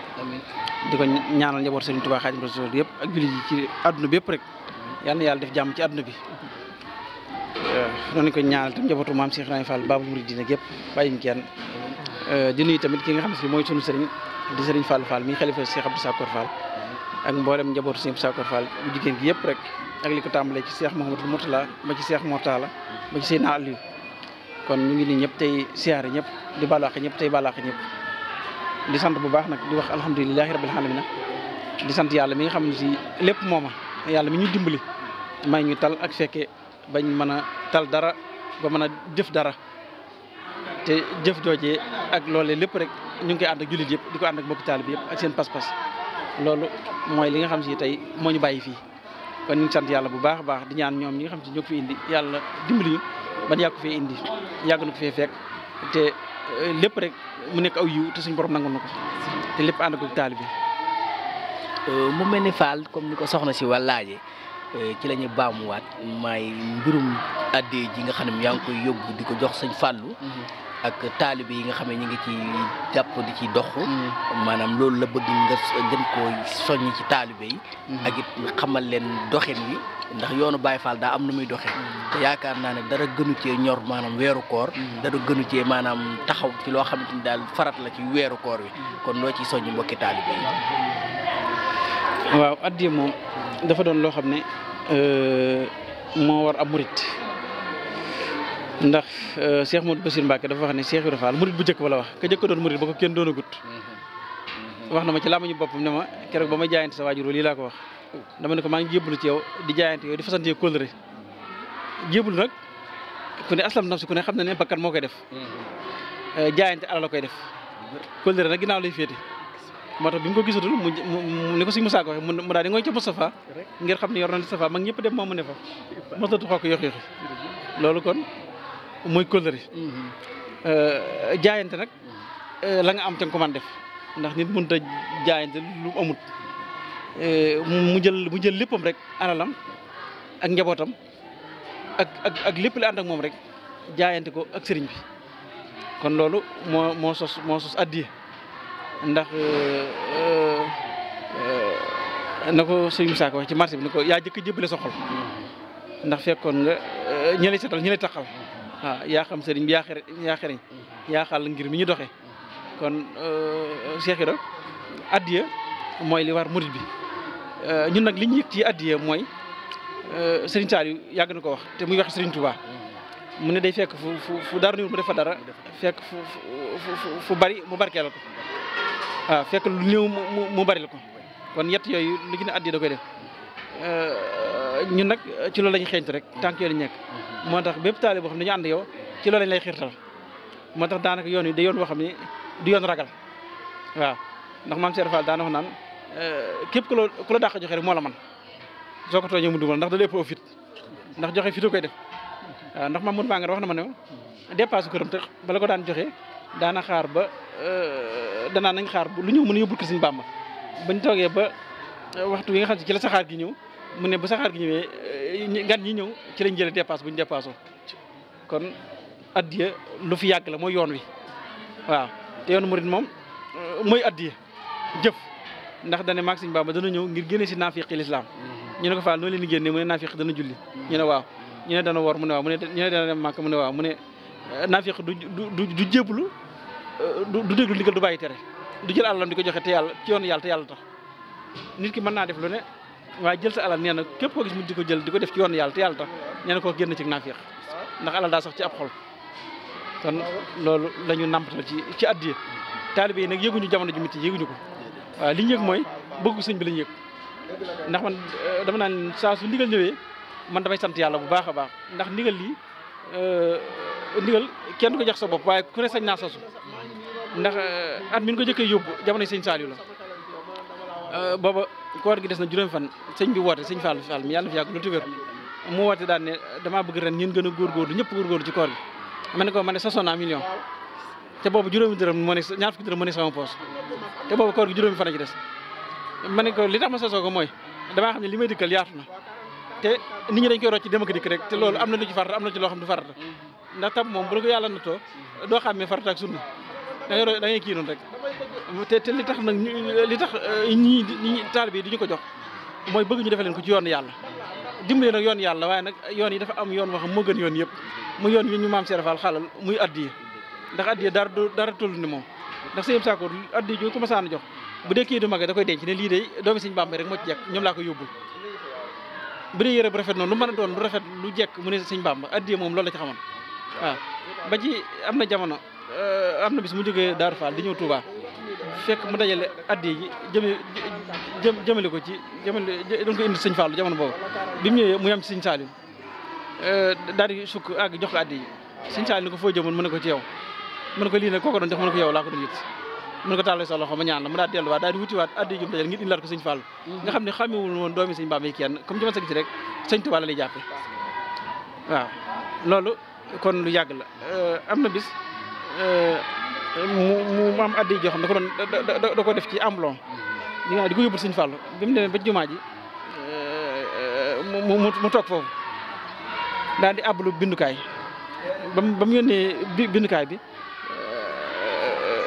di ko ñaanal njaboot Serigne Touba Xaadimu Rasuul yëpp ak jullit ci àdduna bi yëpp rek yàlla na yàlla def jàmm ci àdduna bi noonu lañ koy ñaanal tam njabootu maam Cheikh Ibrahima Fall Babu Mouridina yëpp bàyyiñ kenn di tamit ki nga xam si mooy suñu sëriñ di sëriñ Fall Fall mi xalifa Cheikh Abdou Sakor Fall ak mboolem njabootu Serigne Sakor Fall bu jigéen gi yëpp rek ak li ko tàmbalee ci Cheikh Mouhamadou Mourtala ba ci Cheikh Mourtala ba ci Seydina Aliou kon ñu ngi nii ñëpp tey siyaare ñëpp di balaax ñëpp tey balaax ñëpp di sant bu baax nag di wax alhamdulilahi rabbil alamin di sant yàlla mi nga xam ne si lépp mooma yàlla mi ñu dimbali may ñu tal ak fekke bañ mën a tal dara ba mën a jëf dara te jëf joojee ak loole lépp rek ñu ngi koy ànd ak jullit yëpp di ko ànd ak mbokki taalibe bi yëpp ak seen pas-pas loolu mooy li nga xam si tey moo ñu bàyyi fii kon ñu sant yàlla bu baax a baax di ñaan ñoom ñi nga xam si ñoo ko fi indi yàlla dimbali ñu ban yàgg ko fee indi yàgg na ko fee fekk te euh, lépp rek mu nekk aw yiw te suñu borom nangu na ko
te lépp ànd ko taalibe bi. Euh, mu mel ni Fall comme ni ko soxna si wàllaaje euh, ci lañuy ñu baamuwaat maay mbirum adde ji nga xam ne yaa ngi koy yóbbu di ko jox sëñ Fallou. Mm-hmm. ak taalibe yi nga xam ne ñu ngi ci jàpp di ci dox. Mm. maanaam loolu la bëgg nga gën koo soññ ci taalibe yi. Mm. ak it xamal leen doxin yi ndax yoonu Baye Fall daa am nu muy doxee. Mm. te yaakaar naa ne dara gënu cee ñor maanaam weeru koor. dara gënu cee maanaam taxaw ci loo xamante ni daal farat la ci weeru koor wi. kon loo ciy soññ mbokki taalibe yi. waaw addiya moom dafa doon
loo xam ne euh, moo war ab murit ndax euh, Cheikh Modou Bassir Mbacke dafa wax ne Cheikh Ibra Fall murid bu njëkk ba la wax ka njëkk doon murid ba ko kenn doon a gudd mm-hmm. wax na ma ci làmmiñu boppam ne ma keroog ba ma jaayante laa ko wax dama ne ko maa ngi jébbalu ci yow di jaayante yow di fasante yow kóllëre jébbalu nag ku ne aslam nafsi ku ne xam na ne bakkan moo koy def mm-hmm. euh, jaayante alal la koy def kóllëre ginnaaw lay féete moo bi mu ko gisatul mu ni ko si Moussa ko waxee mu daal di ngooy ca Moustapha ngir xam ne yor na Moustapha mag ñëpp dem moom mu ne fa ma mosatu xokk yox yoxi loolu kon mooy kóllëre mhm. euh, jaayante rek euh, la nga am te nga def ndax nit mënut a jaayante lu amut euh, mu jël mu jël léppam rek alalam ak njabootam ak ak ak lépp li ànd ak moom rek jaayante ko ak sëriñ bi kon loolu moo moo sos moo sos ndax na ko sëriñ Musaa Ka ci marché bi ni ko yaa jëkk jébbale sa xol mhm. ndax kon nga ñi lay setal ñi lay waaw ah, yaa xam sëriñ bi yaa xer yaa ngir mi ñu doxe kon euh, Cheikh Ibra addiya mooy li war murit bi euh, ñun nag li ñu yëg ci addiya mooy euh, sëriñ Saliou yàgg na ko wax te muy wax sëriñ tubaa mu ne day fekk fu fu fu dara def fa fekk fu fu fu bari mu barkeelal ko ah, fekk lu néew mu mu bari la kon yett yooyu lu ci ne addiya da koy def ñun nag euh, ci loolu la ñu xeeñtu rek tànk yoon yi nekk moo tax bépp taali boo xam ne dañu ànd yow ci loolu lañ lay xiirtal moo tax daanaka yoon yi da yoon boo xam ne du yoon ragal waaw ndax maam Cheikh Fall daana wax naan euh, képp ku la ku joxe rek moo la man soo ko tooñee mu dumal ndax da lépp fit ndax joxe fitu koy def waaw ndax Mamour Bangar wax na ma ne dépasse këram te bala ko daan joxe daana xaar ba euh, danaa nañ xaar lu ñëw mën a yóbbul ko Sëñ Bàmba bañ toogee ba waxtu wi nga xam ne ci la saxaar gi ñëw mu ne bu saxaar gi ñëwee eh, gan ñi ñëw ci lañ jëlee dépasse bu ñu dépassoo kon addiya lu fi yàgg la mooy yoon wi waaw te yoonu moom eh, mooy addiya jëf ndax dane maag Sëñ Bamba dana ñëw ngir génne si naafiqi lislaam mhm. ñu ne ko faal noo leen di génne mu ne naafiq dana julli mhm. ñu ne waaw ñu ne dana woor mu ne waaw mu ne ñu ne mu ne waaw mu ne eh, naafiq du du du jéblu du déglu ndigal du bàyyi tere du jël àllam di ko joxe te yàlla ci yoon yàlla te yàlla tax nit ki mën naa def lu ne waaye jël sa alal nee na képp koo gis mu di ko jël di ko def ci yoon yàlla te yàlla tax nee na koo génn ci naafiq ndax alal daa sax ci ab xol kon loolu la ñu nampatal ci ci addiye taalibe yi nag yëguñu jamono ji métti yëguñu ko waaw li ñu yëg mooy bëggu sëñ bi la ñu yëg ndax man eh, dama naan saa su ndigal ñëwee man damay sant yàlla bu baax a baax ndax ndigal lii eh, ndigal kenn ko jox sa bopp waaye ku ne sañ naa sasu ndax eh, at mi ñu ko jëkkee yóbbu jamono yi sëñ Saliou la Euh, booba koor gi des na juróom fan sëñ bi woote sëñ Fall Fall mi yàlla na fi yàgg lu tëwér mu woote daan ne damaa bëgg ren ngeen gën a góorgóorlu ñëpp góorgóorlu ci koor gi ma ne ko ma ne sosoon naa million te boobu juróomi dërëm moo nekk ñaar fukki dërëm koor gi juróomi a ne ko li tax ma sosoo ko mooy damaa xam ne li may dikkal yaatu na te nit ñi dañ koy rocc dem dikk rek te loolu am na lu ci farata am na ci loo xam du farata ndax tam moom bu la ko yàlla natoo doo xàmmee farata ak sunna da ngay kii noonu rek te te li tax nag li tax euh, ñii ñii taalibe yi di ñu ko jox mooy bëgg ñu defee leen ko ci yoon yàlla dimbali nag yoon yàlla waaye nag yoon yi dafa am yoon wax moo gën yoon yëpp mu yoon yi ñu maam serafal xalal muy addiya ndax addiya dara dara toll ni moom ndax sëñ Sakkoor addiya ju ko ma saan jox bu dee kii du mage da koy denc ne lii de doomi sëñ Bàmba rek moo ci jekk ñoom laa ko yóbbul bu dee yëre bu rafet noonu lu mën doon lu rafet lu jekk mu ne sëñ Bàmba addiya moom loolu la ci xamoon waaw ba ji am na jamono euh, am na bis mu jógee Daaru Fall di ñëw Touba fekk mu dajale addi ji jëme jë ko ci jëmale dañ ko indi sëñ Fallou jamono boobu bi mu ñëwee mu yem ci sëñ Saliou euh, daal di sukk àgg jox ko addi ji sëñ Saliou ni ko foo jëmoon mu ne ko ci yow mu ne ko lii ko ko doon jox mu ne ko yow laa ko doon yit mu ne ko tàllal sa loxo ma ñaan la mu daal di delluwaat daal di wutiwaat addi ji mu dajale ngir indilaat ko sëñ Fallou mm-hmm. nga xam ne xamewul woon doomi sëñ Bamba yi kenn comme jamono sa ci rek sëñ Tuubaa la lay jàppe waaw loolu lu yàgg la euh, am na bis euh, mu mu am addi joo xam da def ci amblon di nga di ko yóbbul Sëñ mu demee ba jumaa ji
eh,
mu mu toog foofu di ablu bindukaay ba mu ba bindukaay bi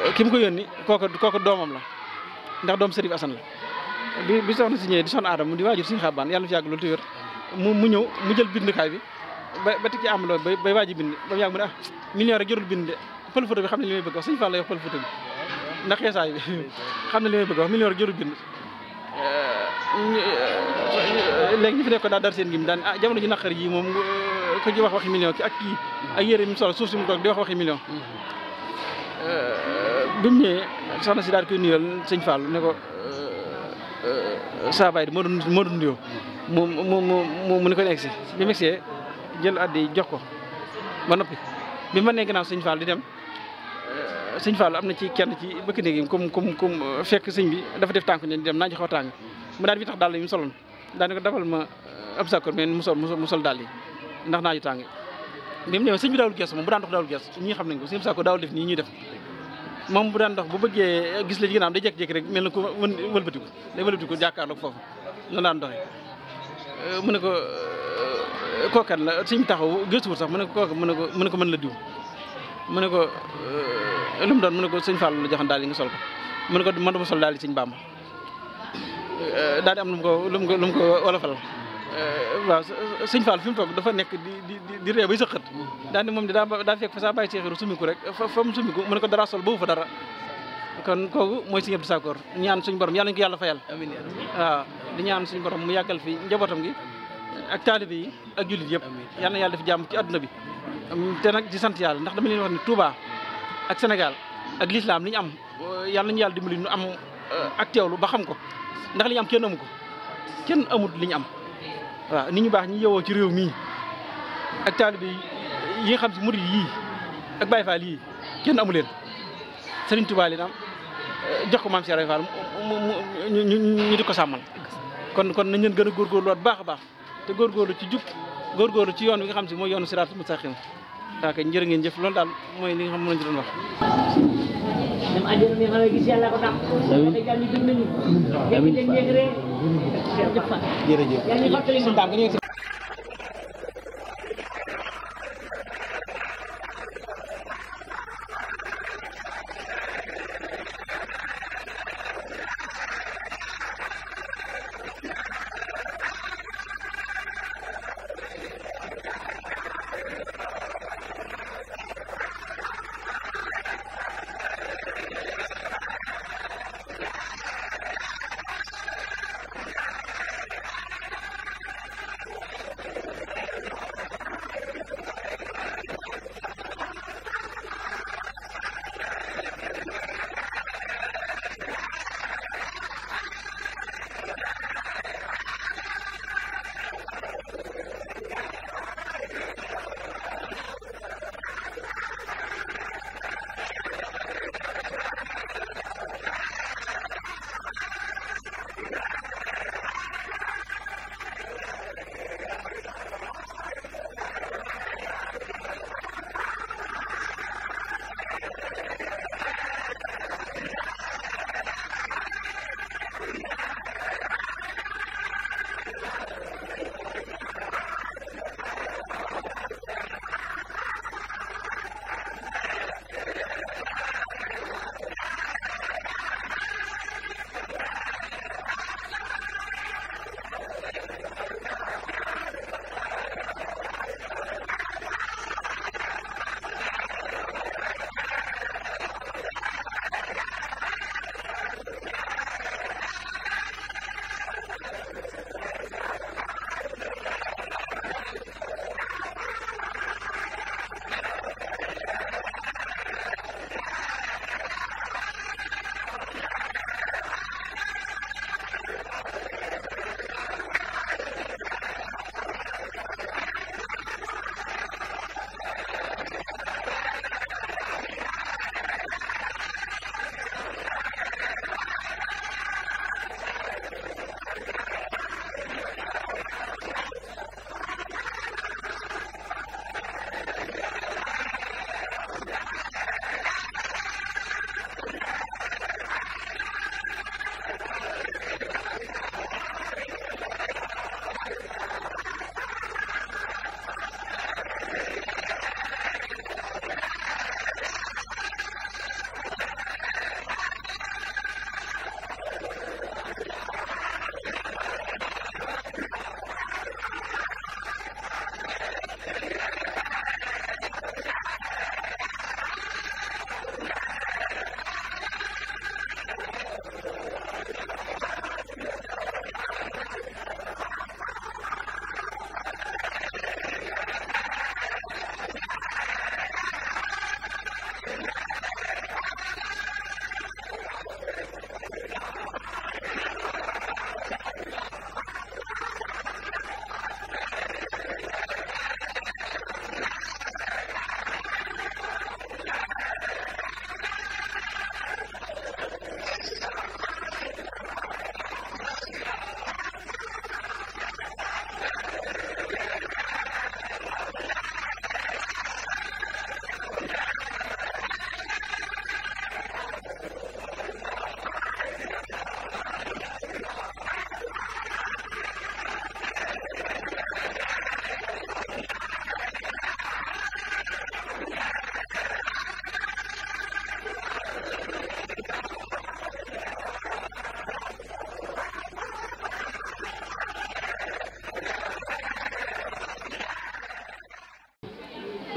eh, ki ko yónni kooku kooku doomam la ndax doom Sëriñ Asan la bi bi soxna si ñëwee di soxna Adama di waajur Sëñ Xabaan yàlla na fi loolu te mu mu ñëw mu jël bindukaay bi ba ba teg ci amblon bay bay waaj bind ba mu yàgg mu ne ah million rek jërul bind de pël Fuuta bi xam ne li may bëgg wax sëñ Fall lay pël Fuuta bi ndax xeesaay bi xam ne li may bëgg wax mi war jëru bind léegi ñu fi nekkoon daal dar seen gim daan ah jamono ji naqar yi moom ko ci wax waxi million ak kii ak yére mi sol suuf si mu toog di wax waxi million euh, bi mu ñëwee ne ko saa euh, euh, moo doon moo doon nuyoo mu mu nekk si bi mu egsee jël addi jox ko ba noppi bi ma nee ginnaaw sëñ Fall di dem sëñ Fall am na ci kenn ci bëkk néegi comme comme comme euh, fekk sëñ bi dafa def tànk ne di dem naa xaw tàng mu daal bi tax daal la ñu soloon daane ko dafal ma euh, ab sàkkoor mais mu sol mu sol daal yi ndax naa ju tàng bi mu ñëwee sëñ bi daawul gees moom bu daan dox daawul gees ñii xam nañ ko sëñ sàkkoor daawul def nii ñuy def moom bu daan dox bu bëggee gis la ci ginnaaw day jékki-jékki rek mel na ko wëlbatiku day wëlbatiku jàkkaarloog foofu la daan doxee euh, mu ne ko kookan la sëñ taxaw gëstuwul sax mu ne ko kookan mu ne ko mën la diw mu ne ko euh, lu mu doon mu ne ko sëñ Fallou la joxoon daal yi nga sol ko mu ne ko man dama sol daal yi sëñ Bamba euh, daal di am lu mu ko lu mu ko lu mu ko wolofal euh, waaw sëñ fi mu toog dafa nekk di di di ree bay sëqat daal ni moom di daa daa fekk fa saa bàyyi seexiru sumiku rek fa fa mu sumiku mu ne ko dara sol boobu fa dara kon kooku mooy sëñ Abdou Sakor ñaan suñ borom yàlla ñu ko yàlla fayal amiin waaw di ñaan suñ borom mu yàggal fi njabootam gi ak taalibe yi ak jullit yëpp yal na yàlla def jàmm ci adduna bi um, te nag sant yàlla ndax dama leen wax ne Touba ak senegal ak l'islam li ñu am yàlla nañu yàlla dimbali ñu am uh, ak teewlu ba xam ko ndax li am kenn amu ko kenn amut liñ am waaw nit ñu baax ñu yowoo ci réew mii ak taalibe yi nga xam si murid yii ak Baye Fall yii kenn amu leen Serigne Touba li am uh, jox ko maam Cheikh Ibra Fall ñu di ko sàmmal kon kon nañ leen gën a góorgóorluwaat baax a baax te góorgóorlu ci jub góorgóorlu ci yoon bi nga xam si mooy yoonu siraatul mustaqim daa koy njërë ngeen jëf loolu daal mooy li nga xam moom lañ ci doon wax
dama àjjana mi xamee gis yàlla ko tax jërëjëf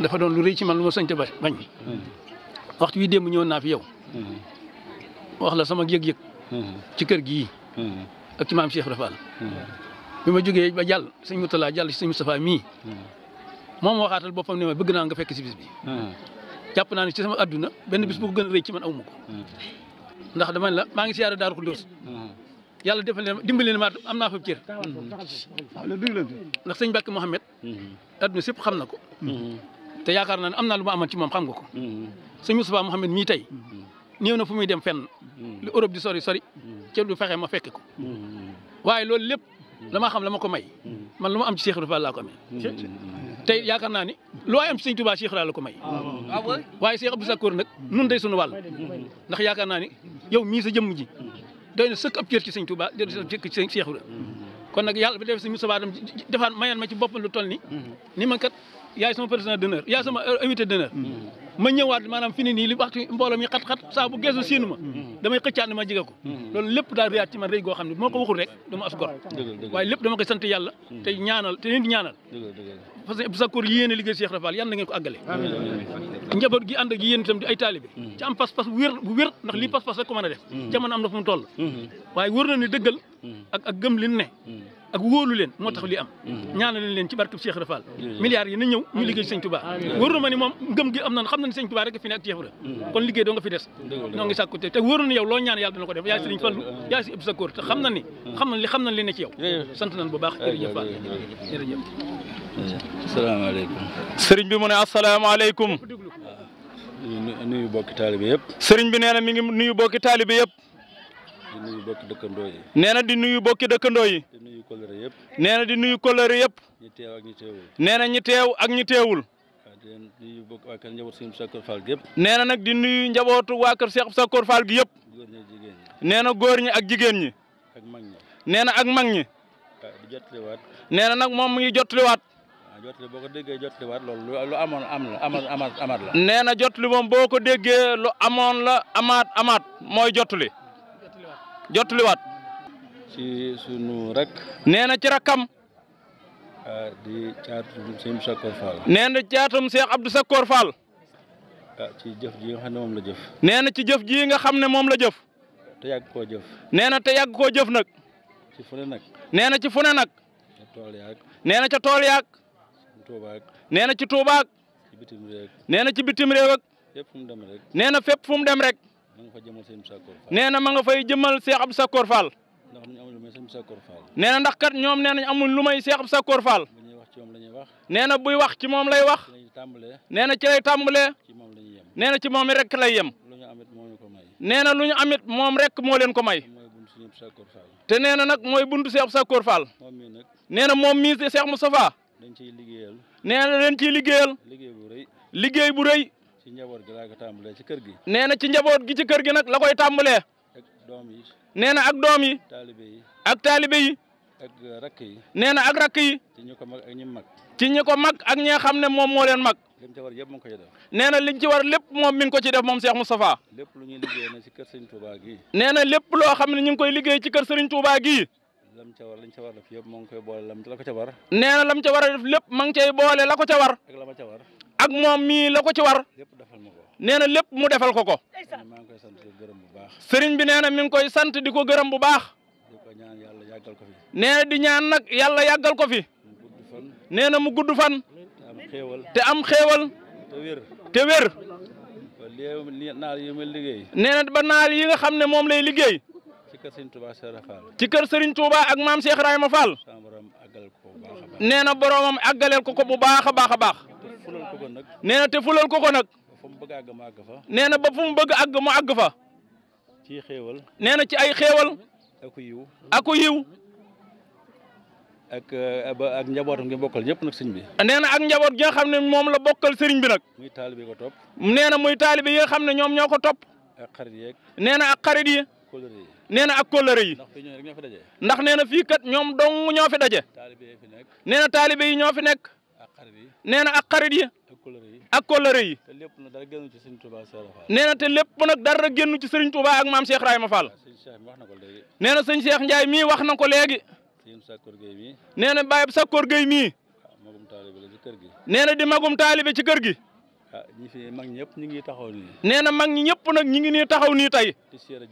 dafa doon lu rëy ci man lu ma soññ te bañ waxtu wi mu ñëwoon naa fi yow. wax la sama yëg-yëg. ci kër gii. ak ci maam Cheikh Ibra Fall. bi ma jógee ba jàll sëñ Moutala jàll ci sëñ Moustapha mii. moom waxaatal boppam ne ma bëgg naa nga fekk si bis bi. jàpp naa ne ci sama adduna benn bis bu ko gën a rëy ci man awuma ko. ndax dama la maa ngi siyaare Daaru Xuddoos. yàlla defal leen dimbali leen ma am naa fa cër.
ndax
sëñ Mbàkke Mouhamed. adduna sépp xam na ko. te yaakaar naa ne am na lu ma amoon ci moom xam nga ko mm-hmm. sëñ Moustapha Mouhamed mii tey néew mm-hmm. na fu muy dem fenn mm-hmm. lu Europe di sori sori ceeb du fexe ma fekke ko waaye loolu lépp la ma xam la ma ko may man lu ma am ci Cheikh Ibra Fall laa ko yaakaar naa ni lu waay am ci sëñ la ko may ah, ah, waaye Cheikh Abdou Sakkour nag nun day sunu walla ndax yaakaar naa ni yow mii sa jëmm ji doy na sëkk ab cër ci sëñ ci sëñ Cheikh Ibra kon nag yàlla bi def sëñ Moustapha dem defaan mayan ma ci boppam lu tol ni ni man kat yaay sama président d'honneur yaay sama euh, invité d'honneur mm-hmm. ma ñëwaat maanaam fi ni nii li waxtu mbooloo mi xat-xat saa bu geesu séenu mm-hmm. damay xëccaat ne ma jege ko mm-hmm. loolu lépp daal réyaat ci man rëy goo xam ne moo ko waxul rek dama as gor waaye lépp dama koy sant yàlla te ñaanal te leen di ñaanal parce que sa liggéey Cheikh Rafal yàlla na ngeen ko àggale njaboot gi ànd ak yéen itam di ay taalibe ci pas-pas bu wér ndax lii pas-pas rek ko mën a def jamono am na ak woolu leen moo tax mm. li am mm. Mm. ñaanal leen ci barkeb Cheikh Ibra Fall milliards yi na ñëw ñu liggéey Sëñ Touba wóor na ma ni moom ngëm gi am na xam na ne Sëñ Touba rek fi ne ak Cheikh Ibra kon liggéey doo nga fi des noo ngi sàkku te te wóor na yow loo ñaan yàlla dina ko def yaay Sëriñ Fallu yaay si ëpp sa kóor a xam na xam na li xam na li ne ci yow sant nañ bu baax jërëjëf Fall jërëjëf
asalaamaaleykum sëriñ bi mu ne asalaamaaleykum nuyu bokki taalibe yëpp sëriñ bi nee na mi ngi nuyu bokki taalibe yëpp di nuyu bokki dëkkandoo nee na di nuyu bokki dëkkandoo yi nuyu yëpp. nee na di nuyu kóllëre yëpp. ñi teew ak ñi teewul. nee na ñi teew ak ñi teewul.
di nuyu bokk waa kër njabootu
Serigne Sakor Fall gi nee na nag di nuyu njabootu waa kër Cheikh Sakor Fall gi yëpp. nee na góor ñi ak jigéen ñi. ak mag ñi. nee na ak mag ñi. di jottaliwaat. na nag moom mu ngi jottaliwaat.
ah boo ko déggee jottaliwaat amoon am la amaat la.
nee na jottali moom boo ko déggee lu amoon la amaat amaat mooy jottali. jottaliwaat. ci sunu rak. nee na ci rakam.
ah di caatum
Sëñ nee na caatum Cheikh Abdou Sakor Fall. ah ci jëf ji nga xam ne moom la jëf. nee na ci jëf ji nga xam ne moom la jëf. te koo jëf. nee na te yàgg koo jëf nag. ci fu ne nag. nee na ci fu ne nag. ca tool yaag. nee na ca tool yaag. tuubaag. nee na ci tuubaag. ci nee na ci bitim réew ak. fépp fu dem rek. nee na fépp fu dem rek. ma nga fa jëmal Sëñ Sakor Fall. nee na ma nga fay jëmal Cheikh Abdou Sakor Fall. nee na ndax kat ñoom nee nañ amul lu may Seex Sakkoor Fall. nee na buy wax ci moom lay wax. nee na ci lay tàmbalee. nee na ci moom rek lay yem. nee na lu ñu amit moom rek moo leen ko may. te nee na nag mooy buntu Seex Sakkoor Fall. nee na moom mii Seex Moustapha. nee na leen ciy liggéeyal. liggéey bu rëy. nee na ci njaboot gi ci kër gi nag la koy tàmbalee. nee na ak doom yi. ak taalibe yi.
ak rakk yi. ak rakk yi. ci ñi ko mag ak ñi mag.
ci ko mag ak ñi nga xam ne moom moo leen mag.
lim ci war yëpp nee na liñ
ci war lépp moom mi ko ci def moom Cheikh Moustapha.
lépp lu ñuy liggéey na ci kër Serigne Touba gii. nee na lépp loo
xam ne ñu ngi koy liggéey ci kër Serigne Touba gii.
lam ca war lañ ca war def yëpp moo lam la ko ca war. nee
na a def lépp ma ngi cay boole la ko ca war. ak la ma ca war. ak moom mii la ko ci war nee na lépp mu defal ko ko sëriñ bi nee na mi ngi koy sant di ko gërëm bu baax nee di ñaan nag yàlla yàggal ko fi nee na mu gudd fan te am xéewal te wér
nee na ba naal yi nga xam ne moom lay liggéey
ci kër sëriñ Touba ak maam Cheikh Ibrahima Fall
nee na boromam àggaleel ko ko bu baax a baax a baax. nee na te fulal ko ko nag.
fu mu bëgg àgg mu àgg fa.
nee ba fu bëgg àgg àgg fa. ci xéewal. nee na ci ay xéewal. aku yiw aku yiw. ak eh, ak njabootam gi bokkal ñëpp nag sëñ bi. nee na ak njaboot gi xam ne moom la bokkal sëriñ bi nag. muy
taalibe yi
nee na muy taalibe yi nga xam ne ñoom ñoo ko topp.
ak yeeg. nee
na ak xarit yi. nee na ak kóllëre yi. ndax nee na fii kat ñoom dong ñoo fi daje. nee na yi ñoo fi nekk. nee na ak xarit yi ak kóllëre yi nee na te lépp nag dara génnu ci Serigne Touba ak maam Cheikh Rahima Fall nee na sëñ Cheikh Ndiaye mii wax na ko léegi nee na Baye Sakkoor Gueye mii ah, nee na di magum taalibe ci kër gi.
Ah, ñi fi mag ñëpp ñu ngi taxaw nii.
nee na mag ñi ñëpp nag ñu ngi nii taxaw nii tey. di seere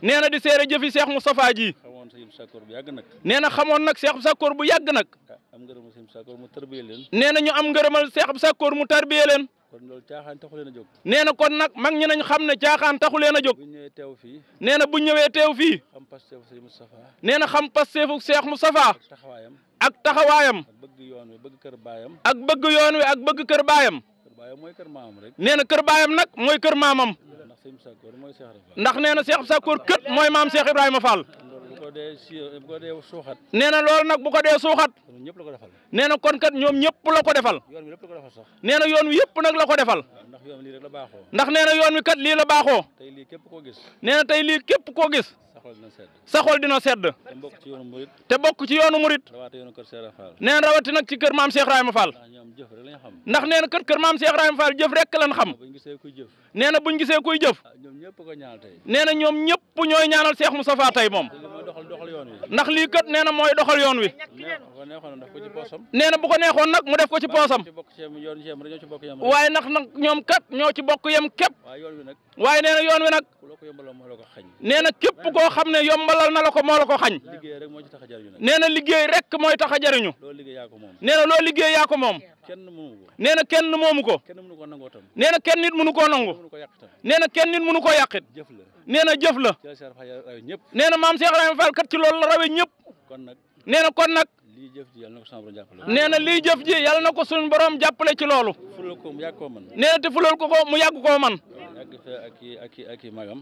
nee na di seere jëfi Cheikh Moustapha ji.
xamoon Sëñ Sakkoor bu yàgg nag. nee na xamoon nag Cheikh Sakkoor bu yàgg nag. Ah, am ngërëmal Sëñ Sakkoor mu tarbiye leen. nee na ñu am ngërëmal Cheikh Sakkoor mu tarbiye leen. kon loolu caaxaan taxu leen a
nee na kon nag mag ñi nañ xam ne caaxaan taxu leen a jóg. bu teew fii. nee na bu ñëwee teew fii. xam pasteefu Cheikh Moustapha. nee na xam pasteefu Cheikh seex mu taxawaayam. ak taxawaayam. ak
bëgg yoon wi bëgg kër baayam. ak bëgg yoon
wi ak bëgg kër baayam.
nee na kër baayam nag mooy kër maamam ndax nee na Cheikh Sakkoor kët mooy maam
Cheikh Ibrahima Fall
nee na loolu nag bu ko dee suuxat
nee na kon kat ñoom ñëpp la ko defal nee na yoon wi yëpp nag la ko defal
ndax nee na yoon wi kat lii la baaxoo
nee na tey lii képp koo gis sa xol dina sedd te bokk ci yoonu murit nee na rawati nag ci kër maam Cheikh Ibrahima Fall ndax nee na kat kër maam Cheikh Ibrahima Fall jëf rek lan xam. nee na buñ gisee kuy jëf ah, nee na ñoom ñëpp ñooy ñaanal Cheikh Moustapha tey moom
ndax lii kat nee na mooy doxal yoon wi
nee na bu ko neexoon nag mu def ko ci poosam waaye ndax nag ñoom kat ñoo ci bokk yem képp waaye nee na yoon wi nag nee na képp koo xam ne yombalal na la ko moo la ko xañ nee na liggéey rek mooy tax a jariñu nee na loo liggéey yaa ko moom nee na kenn moomu ko nee na kenn nit mënu koo nangu nee na kenn nit mënu koo yàqit nee na la
nee na maam Cheikh Ibrahima Fall kat ci loolu la rawe ñëpp
nee na kon nag nee na lii jëf ji yàlla na ko suñu borom jàppale ci loolu
nee na te fulal ko ko mu yàgg koo man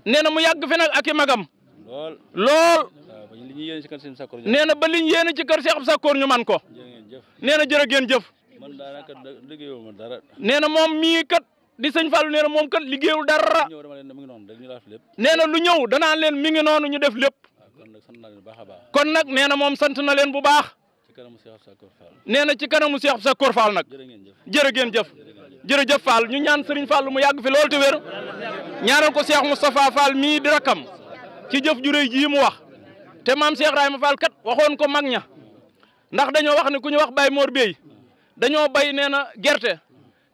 nee na mu yàgg fi nag ak i magam
lool
nee na ba liñ
yéene ci kër Cheikh Sakkoor ñu man ko nee na jërë ngeen jëf nee moom mii kat di sëñ Fallou nee moom kat liggéeyul dara nee na lu ñëw danaa leen mi ngi noonu ñu def lépp ah, kon nag nee na moom sant na leen bu baax nee na ci kanamu Cheikh Sakor Fall nag jërë ngeen jëf jërëjëf Fall ñu ñaan Serigne Fall mu yàgg fi loolu te wér ñaanal ko mu Moustapha Fall mii di rakam ci jëf ju rëy jii mu wax te maam Cheikh Rahima Fall kat waxoon ko mag ña ndax dañoo wax ne ku ñu wax bay Mor Bey dañoo bay nee na gerte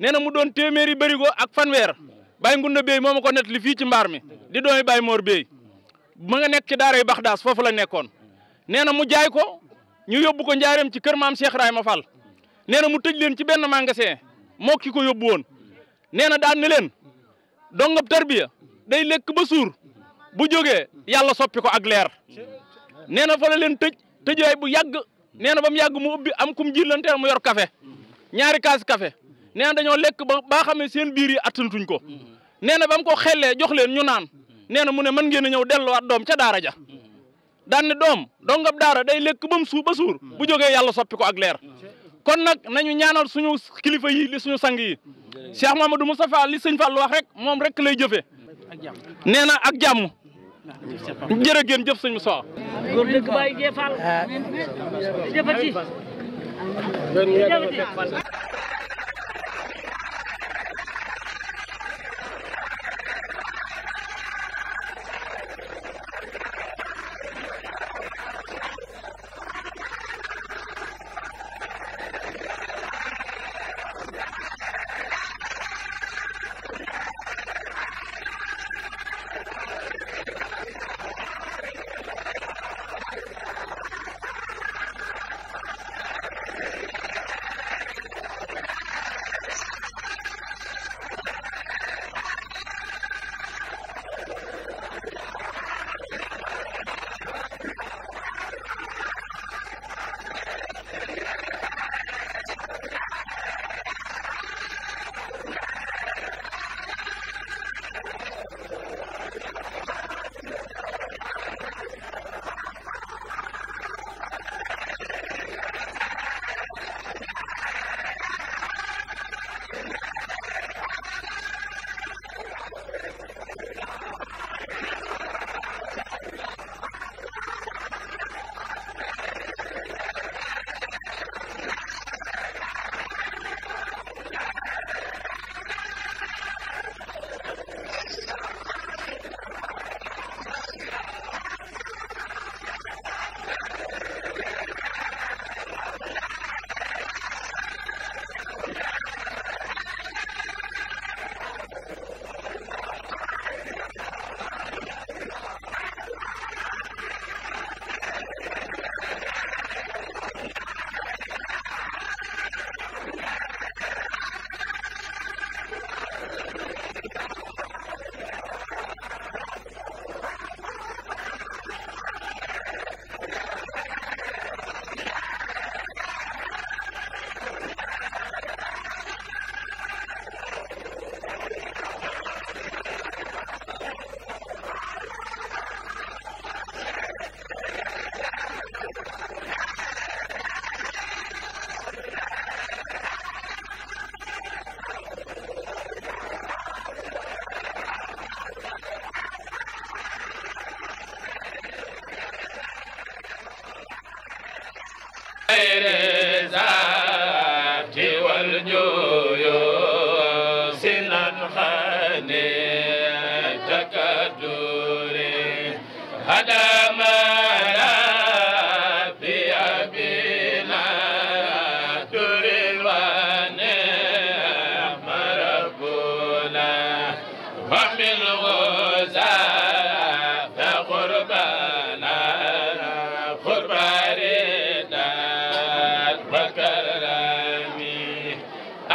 nee na mu doon téeméeri bërigo ak fanweer bàyyi na béy moo ma ko nettali fii ci mbaar mi di doomi bàyyi moor béy ma nga nekk ci daara yi foofu la nekkoon nee na mu jaay ko ñu yóbbu ko njaareem ci kër maam Cheikh Rahima Fall nee na mu tëj leen ci benn magasin moo ki ko yóbbu woon nee na daan ne leen dongab tarbiya day lekk ba suur bu jóge yàlla soppi ko ak leer nee na fa la leen tëj tëjaay bu yàgg nee na ba mu yàgg mu ubbi am kum jillanteel mu yor café ñaari kaas café nee na dañoo lekk ba baa xam ne seen biir yi attantuñ ko nee na ba mu ko xellee jox leen ñu naan neena na mu ne mën ngeen a ñëw delluwaat doom ca daara ja daan ne doom dongab daara day lekk ba mu suur ba suur bu jógee yàlla soppi ko ak leer kon nag nañu ñaanal suñu kilifa yi li suñu sang yi Cheikh Mamadou Moustapha li sëñ Fall wax rek moom rek lay jëfee nee na ak jàmm jërë ngeen jëf sëñ Moustapha góor dëgg
jëfati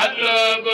allo